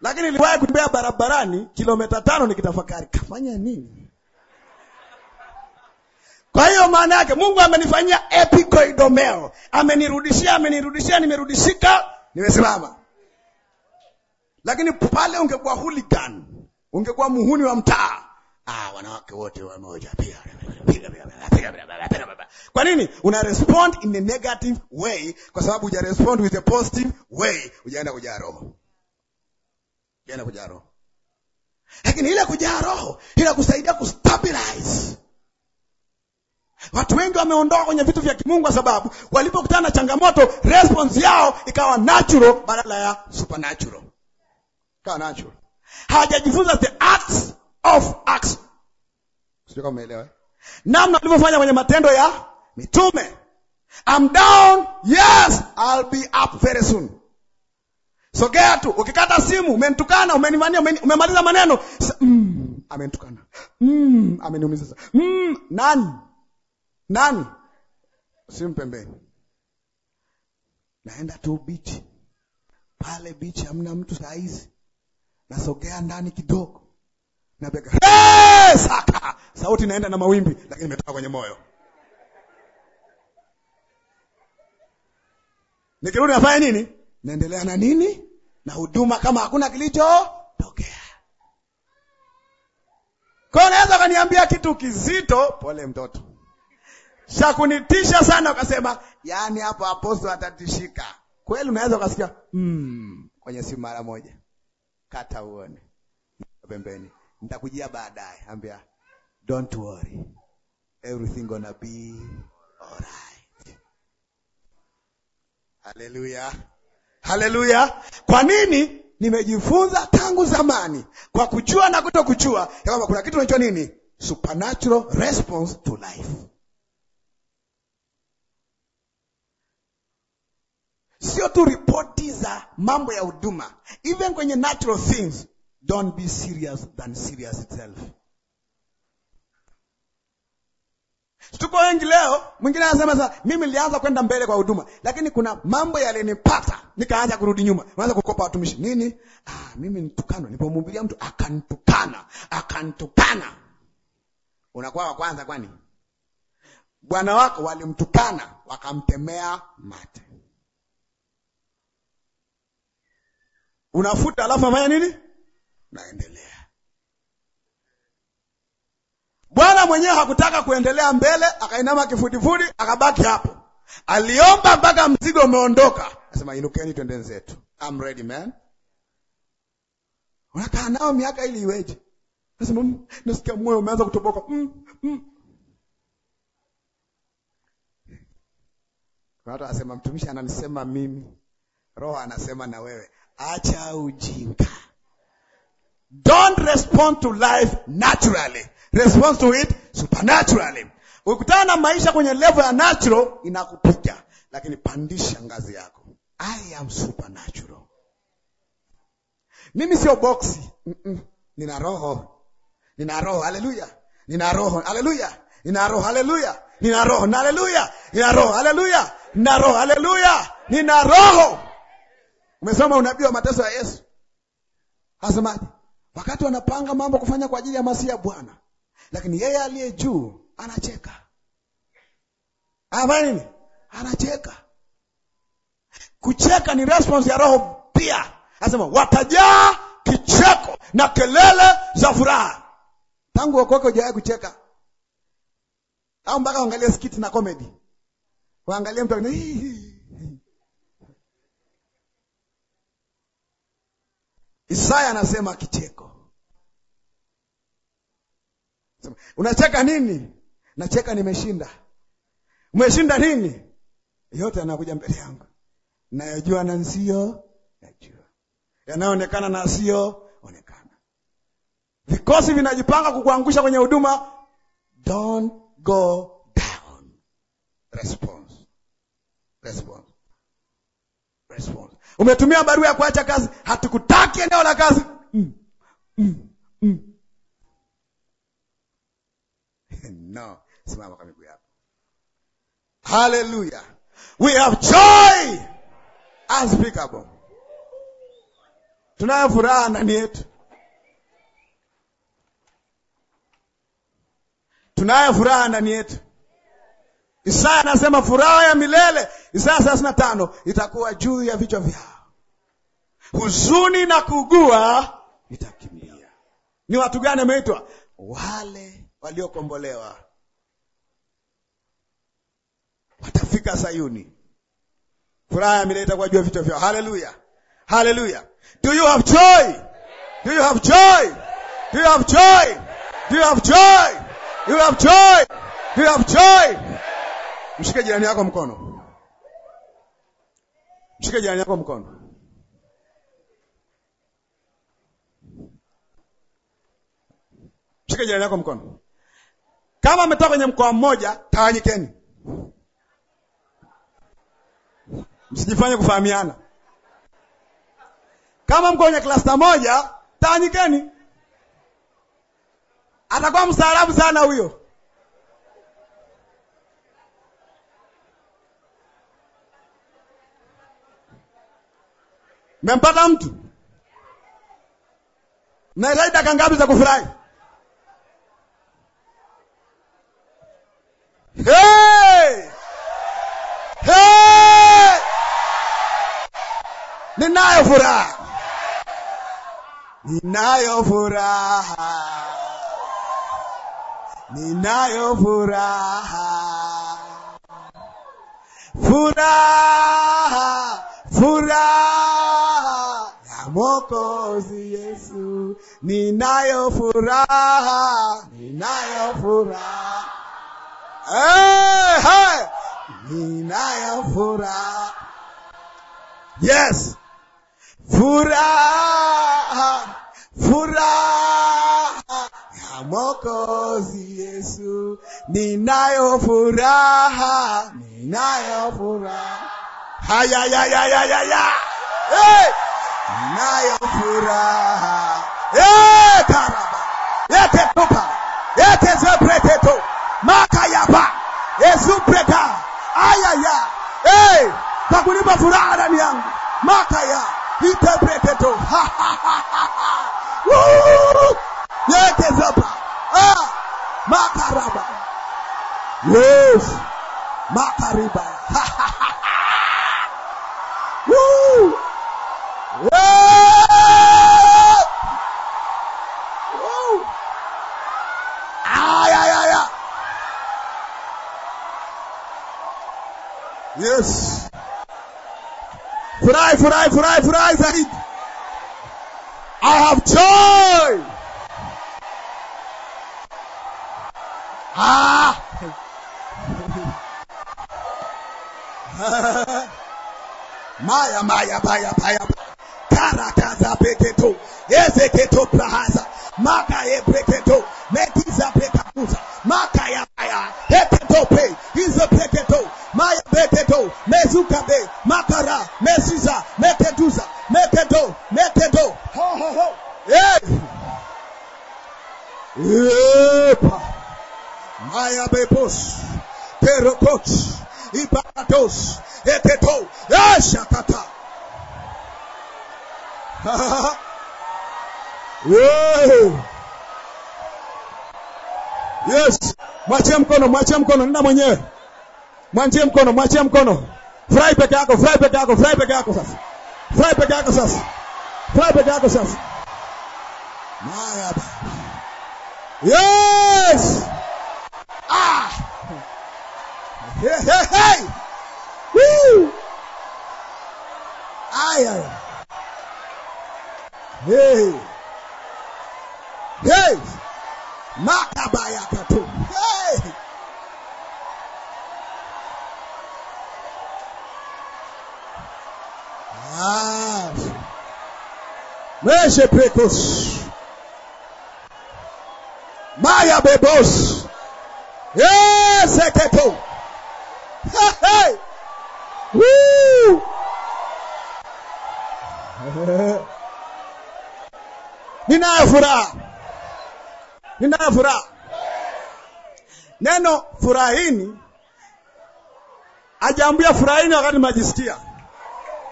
Lakini niliwahi kutembea barabarani kilomita tano nikitafakari, kafanya nini? Kwa hiyo maana yake Mungu amenifanyia epicoidomeo. Amenirudishia, amenirudishia, nimerudishika, nimesimama. Lakini pale ungekuwa hooligan, ungekuwa muhuni wa mtaa, ah, wanawake wote wamoja, piga piga Kwa nini una respond in a negative way? Kwa sababu uja respond with a positive way, ujaenda kujaa roho, ujaenda kujaa roho. Lakini ile kujaa roho ile kusaidia kustabilize Watu wengi wameondoka kwenye vitu vya kimungu kwa sababu walipokutana na changamoto response yao ikawa natural badala ya supernatural. Kaa nacho. Hajajifunza the acts of acts. Sio kama umeelewa eh? Namna alivyofanya kwenye matendo ya mitume. I'm down. Yes, I'll be up very soon. Sogea tu. Ukikata simu, umenitukana, umenivania, umemaliza maneno. Mm, amentukana. Mm, ameniumiza sasa. Mm, nani? Nani? Simu pembeni. Naenda tu beach. Pale beach hamna mtu saa hizi nasogea ndani kidogo, nabega hey, saka sauti inaenda na mawimbi, lakini imetoka kwenye moyo. Nikirudi nafanya nini? Naendelea na nini? Na huduma kama hakuna kilichotokea. Kwa hiyo naweza kaniambia kitu kizito, pole mtoto, shakunitisha sana, ukasema yaani hapo aposto atatishika kweli. Unaweza ukasikia mm, kwenye simu mara moja kata uone pembeni, nitakujia baadaye. Ambia don't worry, everything gonna be alright. Haleluya, haleluya. Kwa nini? Nimejifunza tangu zamani kwa kuchua na kuto kuchua ya kwamba kuna kitu nacho nini, supernatural response to life. sio tu ripoti za mambo ya huduma, even kwenye natural things. Don't be serious than serious itself. Tuko wengi leo, mwingine anasema sasa, mimi nilianza kwenda mbele kwa huduma, lakini kuna mambo yalinipata nikaanza kurudi nyuma. naanza kukopa watumishi nini? Ah, mimi nitukano, nipomhubiria mtu akanitukana, akanitukana. Unakuwa wa kwanza kwani? Bwana wako walimtukana, wakamtemea mate. unafuta, alafu nafanya nini? Naendelea. Bwana mwenyewe hakutaka kuendelea mbele, akainama kifudifudi, akabaki hapo. Aliomba mpaka mzigo umeondoka, asema inukeni, twende zetu, I'm ready man. Unakaa nao miaka ili iweje? Nasema mm, nasikia moyo umeanza kutoboka mm, mm. Watu anasema mtumishi ananisema mimi, Roho anasema na wewe. Acha ujinga. Don't respond to life naturally. Respond to it supernaturally. Ukutana na maisha kwenye level ya natural inakupiga, lakini pandisha ngazi yako. I am supernatural. Mimi sio boksi. Mm -mm. Nina roho. Nina roho. Haleluya. Nina roho. Haleluya. Nina roho. Haleluya. Nina roho. Haleluya. Nina roho. Haleluya. Nina roho. Haleluya. Nina roho. Umesoma unabii wa mateso ya Yesu. Asemaje? Wakati wanapanga mambo kufanya kwa ajili ya masia ya Bwana, lakini yeye aliye juu anacheka. Afanya nini? Anacheka. Kucheka ni response ya roho pia. Anasema watajaa kicheko na kelele za furaha. Tangu uokoke hujawahi kucheka au mpaka uangalie skiti na comedy, waangalie mtu Isaya anasema kicheko. Unacheka nini? Nacheka nimeshinda. Umeshinda nini? Yote yanakuja mbele yangu, nayojua na nsio najua, yanayoonekana na onekana Vikosi vinajipanga kukuangusha kwenye huduma. Don't go down. Response, response, response umetumia barua ya kuacha kazi, hatukutaki eneo la kazi mm. Mm. Mm. no, simama kwa miguu yako. Haleluya, we have joy unspeakable, tunayo furaha ndani yetu, tunayo furaha ndani yetu. Isaya anasema furaha ya milele, Isaya thelathini na tano, itakuwa juu ya vichwa vyao, huzuni na kuugua itakimia. Ni watu gani ameitwa? Wale waliokombolewa watafika Sayuni, furaha ya milele itakuwa juu ya vichwa vyao. Haleluya, haleluya! Do you have joy? Do you have joy? Do you have joy? Do you have joy? Do you have joy? Do you have joy? Mshike jirani yako mkono, mshike jirani yako mkono. Mshike jirani yako mkono. Kama umetoka kwenye mkoa mmoja, tawanyikeni, msijifanye kufahamiana. Kama mko kwenye klasta moja, tawanyikeni. Atakuwa mstaarabu sana huyo. Mmempata mtu na dakika ngapi za kufurahi? Hey! Hey! Ninayo furaha, ninayo furaha, ninayo furaha, furaha, furaha Mwokozi Yesu, ninayo furaha, ninayo furaha hey, hey. ninayo furaha yes, furaha, furaha ya Mwokozi Yesu, ninayo furaha, ninayo furaha hayayayayaya hey! nayo furaha taraba eh, yete tupa makayaba ezupreta ayaya hey, eh, takulipa furaha ndani yangu makaya itepreteto yete ah, makaraba yes makariba Yes. Fry, fry, fry, fry, fry. I have joy. Ah. Maya, Maya, Maya, Maya. Karakaza breketo. Ezeketo prahaza. Makaye breketo. Metiza brekapuza. Makaya maya. Eketo pe. Izo breketo. Maya breketo. Mezuka be. Makara. Mesiza. Mekeduza. Mekedo. Mekedo. Ho ho ho. Ei. Epa. Maya bebos. Terokot. Ibatos. Eketo. Ashakata. Yes, mwachie mkono, mwachie mkono, nenda mwenyewe. Mwachie mkono, mwachie mkono. Furahi peke yako, furahi peke yako, furahi peke yako sasa. Furahi peke yako sasa. Furahi peke yako sasa. Maya. Yes! Ah! Hey, hey, hey! Woo! Ay, ay. Hey. Hey. kato. Hey. Ah. Mexe precos. bebos. Yes, é Hey, hey. Woo! Ninayo furaha, ninayo furaha. Neno furahini ajaambia furahini wakati majisikia,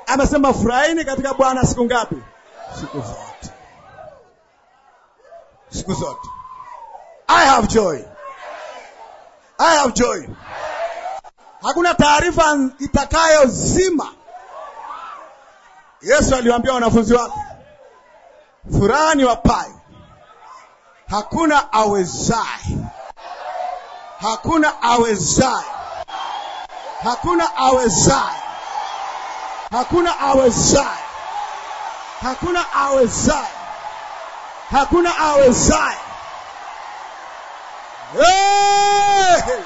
amesema furahini katika Bwana siku ngapi? Siku zote, siku zote. I have joy, I have joy. Hakuna taarifa itakayozima. Yesu aliwaambia wanafunzi wake furani wa wapayo, hakuna awezaye, hakuna awezaye, hakuna awezaye, hakuna awezaye, hakuna awezaye, hakuna awezaye. Hey!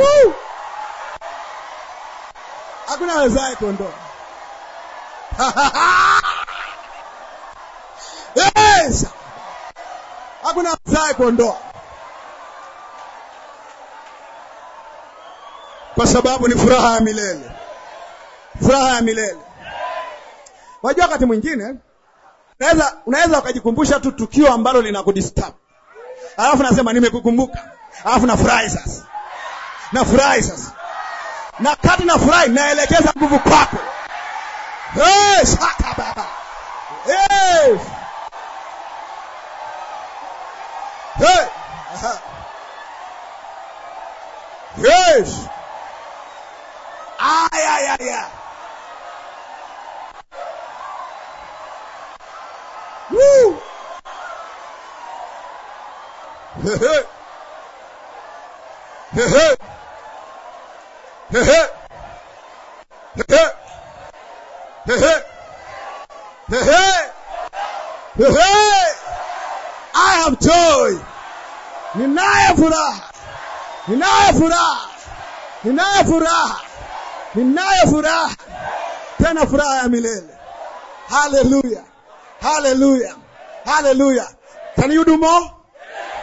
Woo! Hakuna awezaye kuondoa Yes! Hakuna mzae kuondoa, kwa sababu ni furaha ya milele, furaha ya milele. Wajua, wakati mwingine unaweza unaweza ukajikumbusha tu tukio ambalo linakudisturb, alafu nasema nimekukumbuka, alafu nafurahi sasa, nafurahi sasa, na kati furahi naelekeza nguvu kwako. Hey, shaka baba. Hey. Hey! Yes! Ay, ay, ay, ay. Woo! I have joy. Ninayo furaha, ninayo furaha, ninayo furaha, ninayo furaha tena, furaha ya milele. Haleluya, haleluya, haleluya! Can you do more?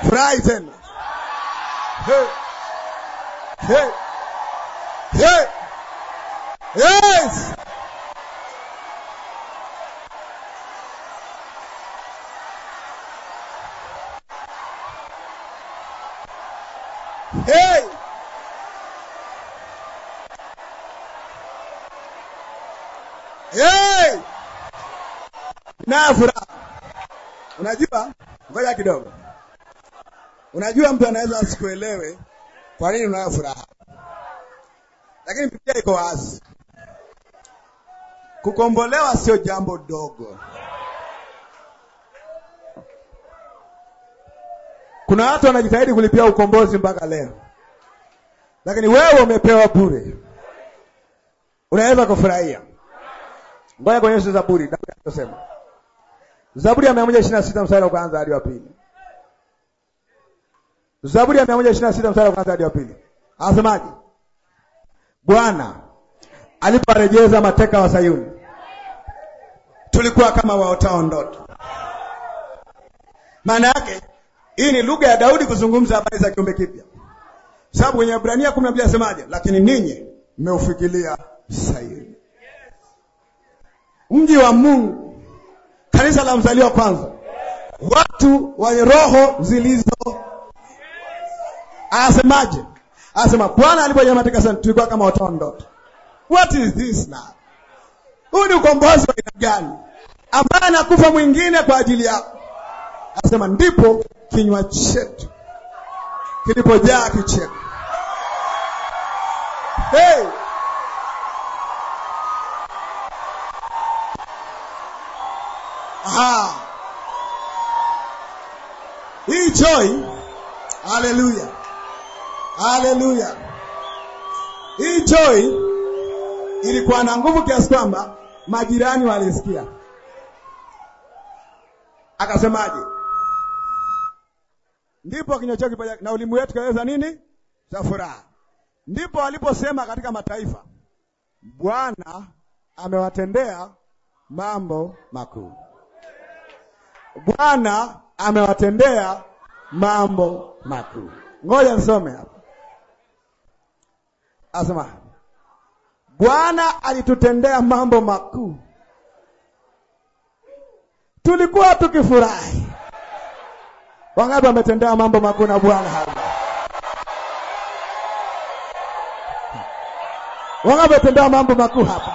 Furahi tena. Hey. Hey. Hey. Yes. Hey! Hey! Ninayo furaha. Unajua, ngoja kidogo. Unajua mtu anaweza asikuelewe kwa nini unayo furaha. Lakini pia iko wazi. Kukombolewa sio jambo dogo. Kuna watu wanajitahidi kulipia ukombozi mpaka leo, lakini wewe umepewa bure, unaweza kufurahia. Ngoja kwenye Zaburi, Daudi anasema Zaburi ya 126 mstari wa kwanza hadi wa pili. Zaburi ya 126 mstari wa kwanza hadi wa pili anasemaje? Bwana alipowarejeza mateka wa Sayuni, tulikuwa kama waotao ndoto. Maana yake hii ni lugha ya Daudi kuzungumza habari za kiumbe kipya, sababu kwenye Ibrania 12 asemaje? Lakini ninyi mmeufikilia sahihi. mji wa Mungu, kanisa la mzaliwa kwanza, watu wa roho zilizo. Asemaje? Asema Bwana alipoja aliponyamatika sana, tulikuwa kama watoa ndoto. What is this now? Huu ni ukombozi wa aina gani, ambaye anakufa mwingine kwa ajili yako? Asema ndipo kinywa chetu kilipojaa kicheko. Hey! Hii joy, haleluya, haleluya. Hii joy ilikuwa na nguvu kiasi kwamba majirani walisikia, akasemaje? ndipo kinywa chake kipaja na ulimi wetu kaweza nini za furaha. Ndipo aliposema katika mataifa, Bwana amewatendea mambo makuu. Bwana amewatendea mambo makuu. Ngoja nisome hapa, asema Bwana alitutendea mambo makuu, tulikuwa tukifurahi Wangapi wametendewa mambo makuu na Bwana hapa? Wangapi wametendewa mambo makuu hapa?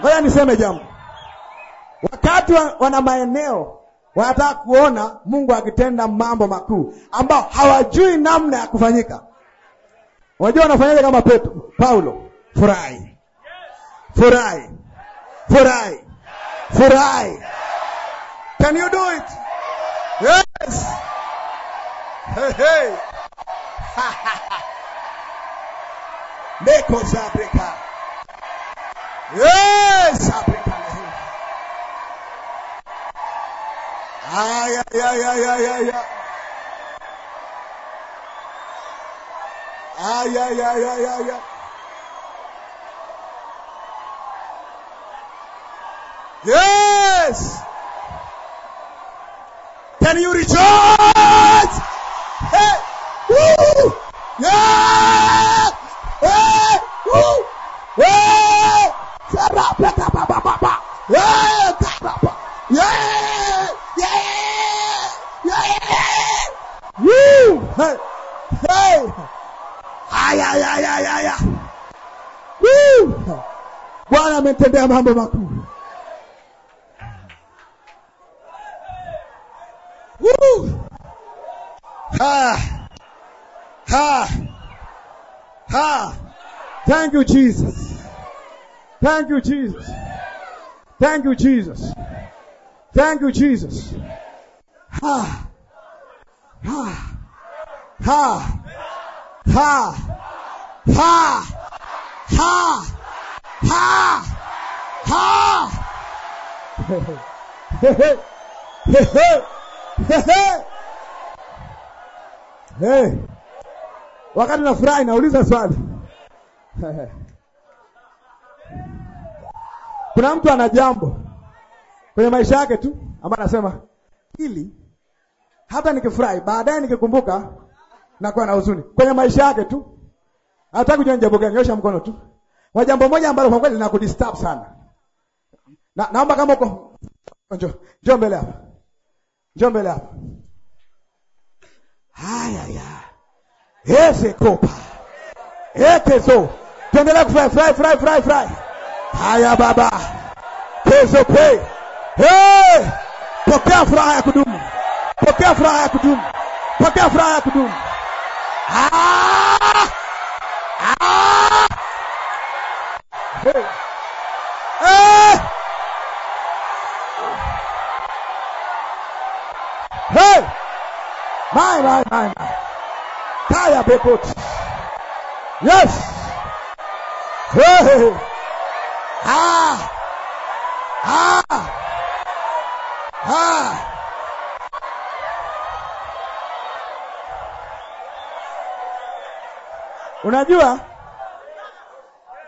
Ngoja niseme jambo. Wakati wana maeneo wanataka kuona Mungu akitenda mambo makuu ambao hawajui namna ya kufanyika. Wajua wanafanyaje? Kama Petro, Paulo, furahi, furahi, furahi For I Can you do it? Yes. Hey, hey. Make us Africa. Yes, Africa. Ay, ay, ay, ay, ay, ay, ay. Ay, ay, ay, ay, ay, ay. Yes. Can you rejoice? Hey. Woo. Yeah. Hey. Woo. Hey. Yeah. Yeah. Yeah. Yeah. Woo. Hey. Hey. Ay, ay, ay, ay, ay. Woo. Bwana ametendea mambo makubwa. Woo! Ha! Ha! Ha! Thank you, Jesus. Thank you, Jesus. Thank you, Jesus. Thank you, Jesus. Ha! Ha! Ha! Ha! Ha! Ha! Ha! Ha! Hey, hey, hey, hey. Hey. Wakati na furaha inauliza swali. Kuna mtu ana jambo kwenye maisha yake tu ambaye anasema ili hata nikifurahi baadaye nikikumbuka nakuwa na huzuni kwenye maisha yake tu. Hataki kujua jambo gani, nyosha mkono tu. Kwa jambo moja ambalo kwa kweli linakudisturb sana. Na naomba kama uko njoo, njoo mbele hapa. Njoo mbele hapa. Haya ya. Eze kopa. Ekezo. Tuendelea kufurahi furahi furahi furahi furahi. Haya baba. Kezo pe. Hey! Pokea furaha ya kudumu. Pokea furaha ya kudumu. Pokea furaha ya kudumu. Ah! Ah! Hey! Hey! Eh! Hey! My, my, my, my. Kaya bekut. Yes. Hey. Ah. Ah. Ah. Unajua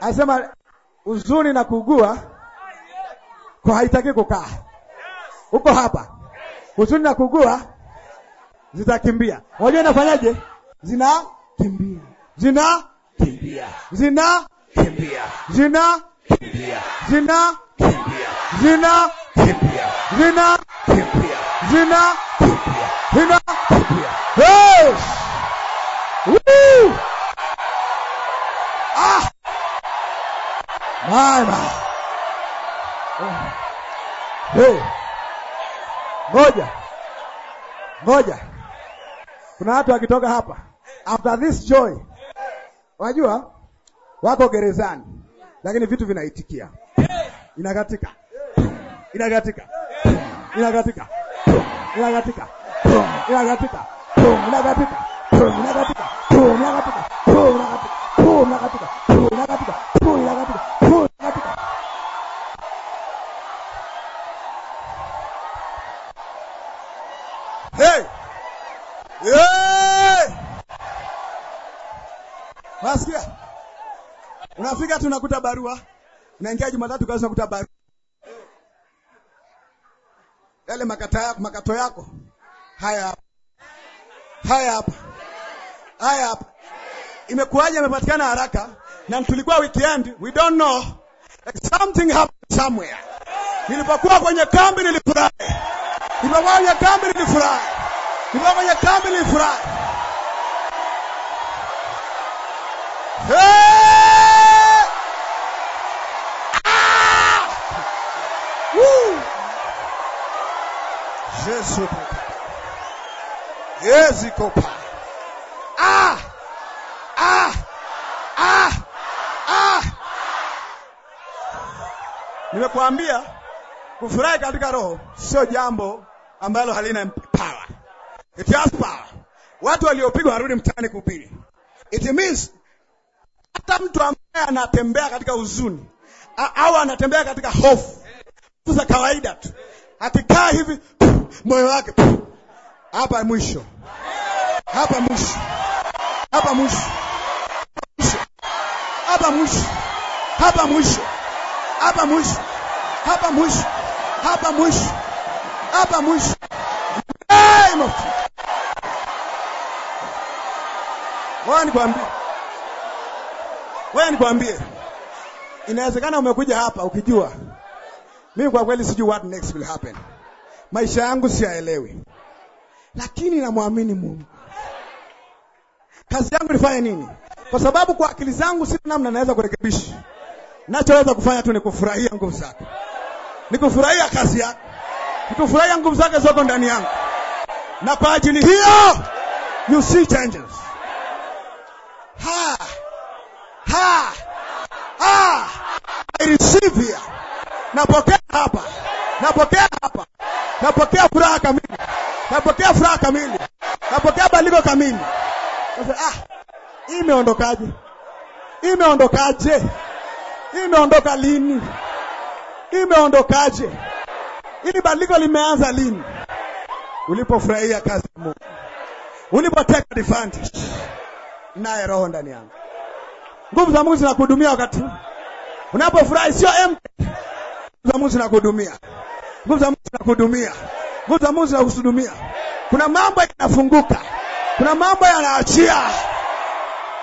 anasema uzuni na kuugua kwa haitaki kukaa. Uko hapa huzuni na kugua zitakimbia. Unajua inafanyaje? kimbia, zina kimbia, zina kimbia, zina kimbia. zinakimbia, Woo! Ah! Mama. Oh. Hey. Ngoja ngoja, kuna watu wakitoka hapa after this joy, unajua wako gerezani, lakini vitu vinaitikia, inakatika inakatika inakatika inakatika inakatika inakatika inakatika inakatika inakatika inakatika Unasikia? Unafika tunakuta barua. Unaingia Jumatatu kazi unakuta barua. Yale makata yako, makato yako. Haya hapa. Haya hapa. Haya hapa. Imekuwaje imepatikana haraka? Na tulikuwa weekend, we don't know. Like Something happened somewhere. Nilipokuwa kwenye kambi nilifurahi. Nilipokuwa kwenye kambi nilifurahi. Nilipokuwa kwenye kambi nilifurahi. Hey! Ah! Ah! Ah! Ah! Nimekuambia kufurahi katika roho sio jambo ambalo halina power. It has power. Watu waliopigwa warudi mtaani kuhubiri. It means hata mtu ambaye anatembea katika huzuni au anatembea katika hofu za kawaida tu, akikaa hivi moyo wake hapa mwisho, hapa mwisho, hapa mwisho, hapa mwisho, hapa mwisho, hapa mwisho, hapa mwisho, hapa mwisho, hapa mwisho. hapa mwisho. Nikwambia Ngoja nikwambie, inawezekana umekuja hapa ukijua mimi kwa kweli sijui what next will happen, maisha yangu siyaelewi, lakini namwamini Mungu. Kazi yangu nifanye nini? Kwa sababu kwa akili zangu sina namna naweza kurekebisha. Nachoweza kufanya tu ni kufurahia nguvu zake, ni kufurahia kazi yake, ni kufurahia nguvu zake zoko ndani yangu, na kwa ajili hiyo you see changes. Ha! Ha! I receive here. Napokea hapa. Napokea hapa. Napokea furaha kamili. Napokea furaha kamili. Napokea baliko kamili. Sasa ah, imeondokaje? imeondokaje? imeondoka lini? imeondokaje? ili baliko limeanza lini? Ulipofurahia kazi ya Mungu. Ulipoteka advantage. Naye roho ndani yangu. Nguvu za Mungu zinakuhudumia wakati unapofurahi, sio nguvu za Mungu zinakuhudumia, nguvu za Mungu zinakuhudumia, nguvu za Mungu zinakuhudumia. Kuna mambo yanafunguka, kuna mambo yanaachia.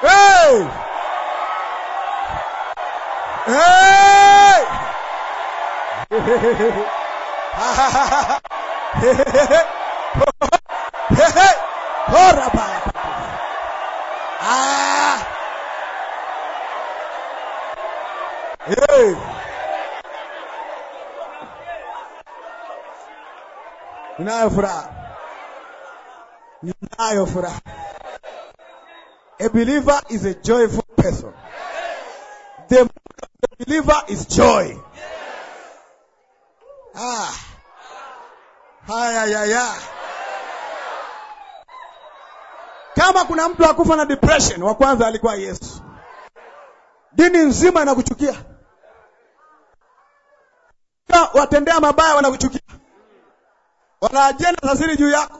Hey! Hey! Hora baba. Ah! Hey. Ninayo furaha. Ninayo furaha. A believer is a joyful person. The the believer is joy. Ah. Haya ya ya. Kama kuna mtu akufa na depression, wa kwanza alikuwa Yesu. Dini nzima inakuchukia. Wema watendea mabaya wanakuchukia, wana ajenda za siri juu yako,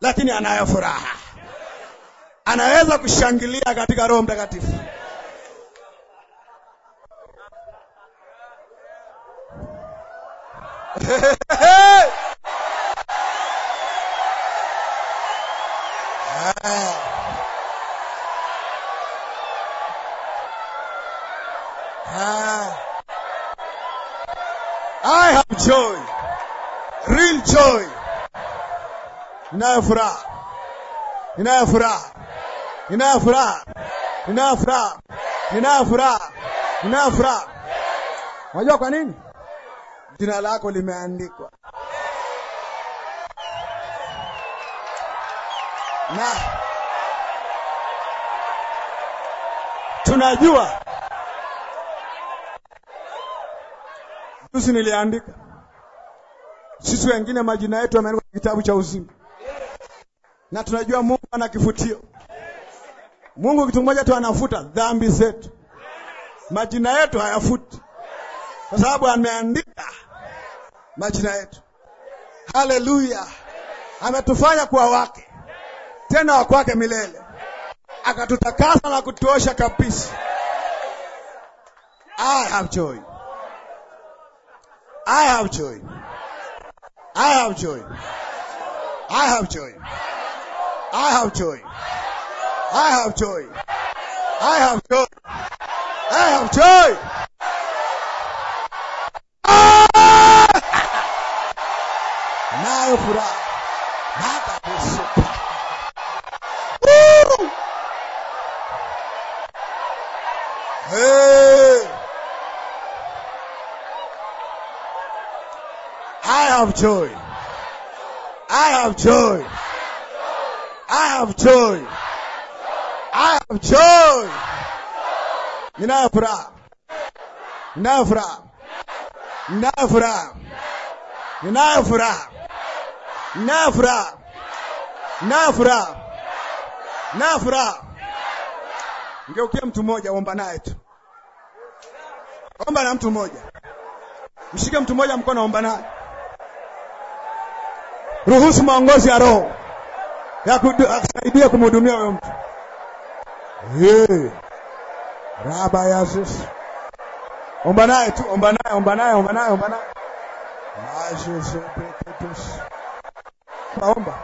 lakini anayo furaha, anaweza kushangilia katika Roho Mtakatifu. Real joy, real joy inayo furaha, inayo furaha, inayo furaha, inayo furaha, inayo furaha, inayo furaha. Unajua kwa nini? Jina lako limeandikwa na tunajua Juzi niliandika sisi wengine majina yetu yameandikwa kitabu cha uzima, na tunajua Mungu ana kifutio. Mungu kitu kimoja tu anafuta dhambi zetu, majina yetu hayafuti, kwa sababu ameandika majina yetu. Haleluya! Ametufanya kuwa wake, tena wa kwake milele, akatutakasa na kutuosha kabisa. I have joy. I have joy. I have joy. I have joy. I have joy. I have joy. I have joy. I have joy. have joy. I have joy. I have joy. I have joy. Ninayo furaha. Ninayo furaha. Ninayo furaha. Ninayo furaha. mtu mmoja, omba naye tu. Omba na mtu mmoja. Mshike mtu mmoja mkono, omba naye. Ruhusu maongozi ya Roho yakusaidia kumhudumia huyo mtu. Hey. Raba Yesus. Omba naye tu, omba naye, omba naye, omba naye, omba naye. Omba.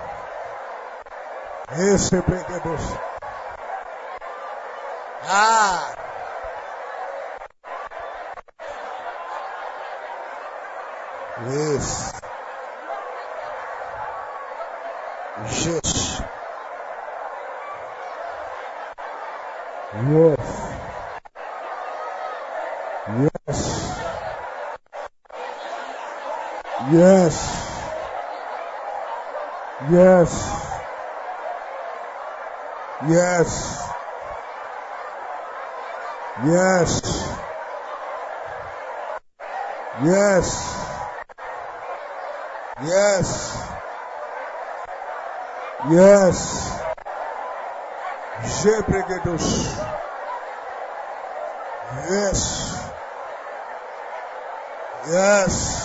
Ah. Yes. Shush. Yes. Yes. Yes. Yes. Yes. Yes. Yes. Yes. Yes. Jebregedos. Yes. Yes.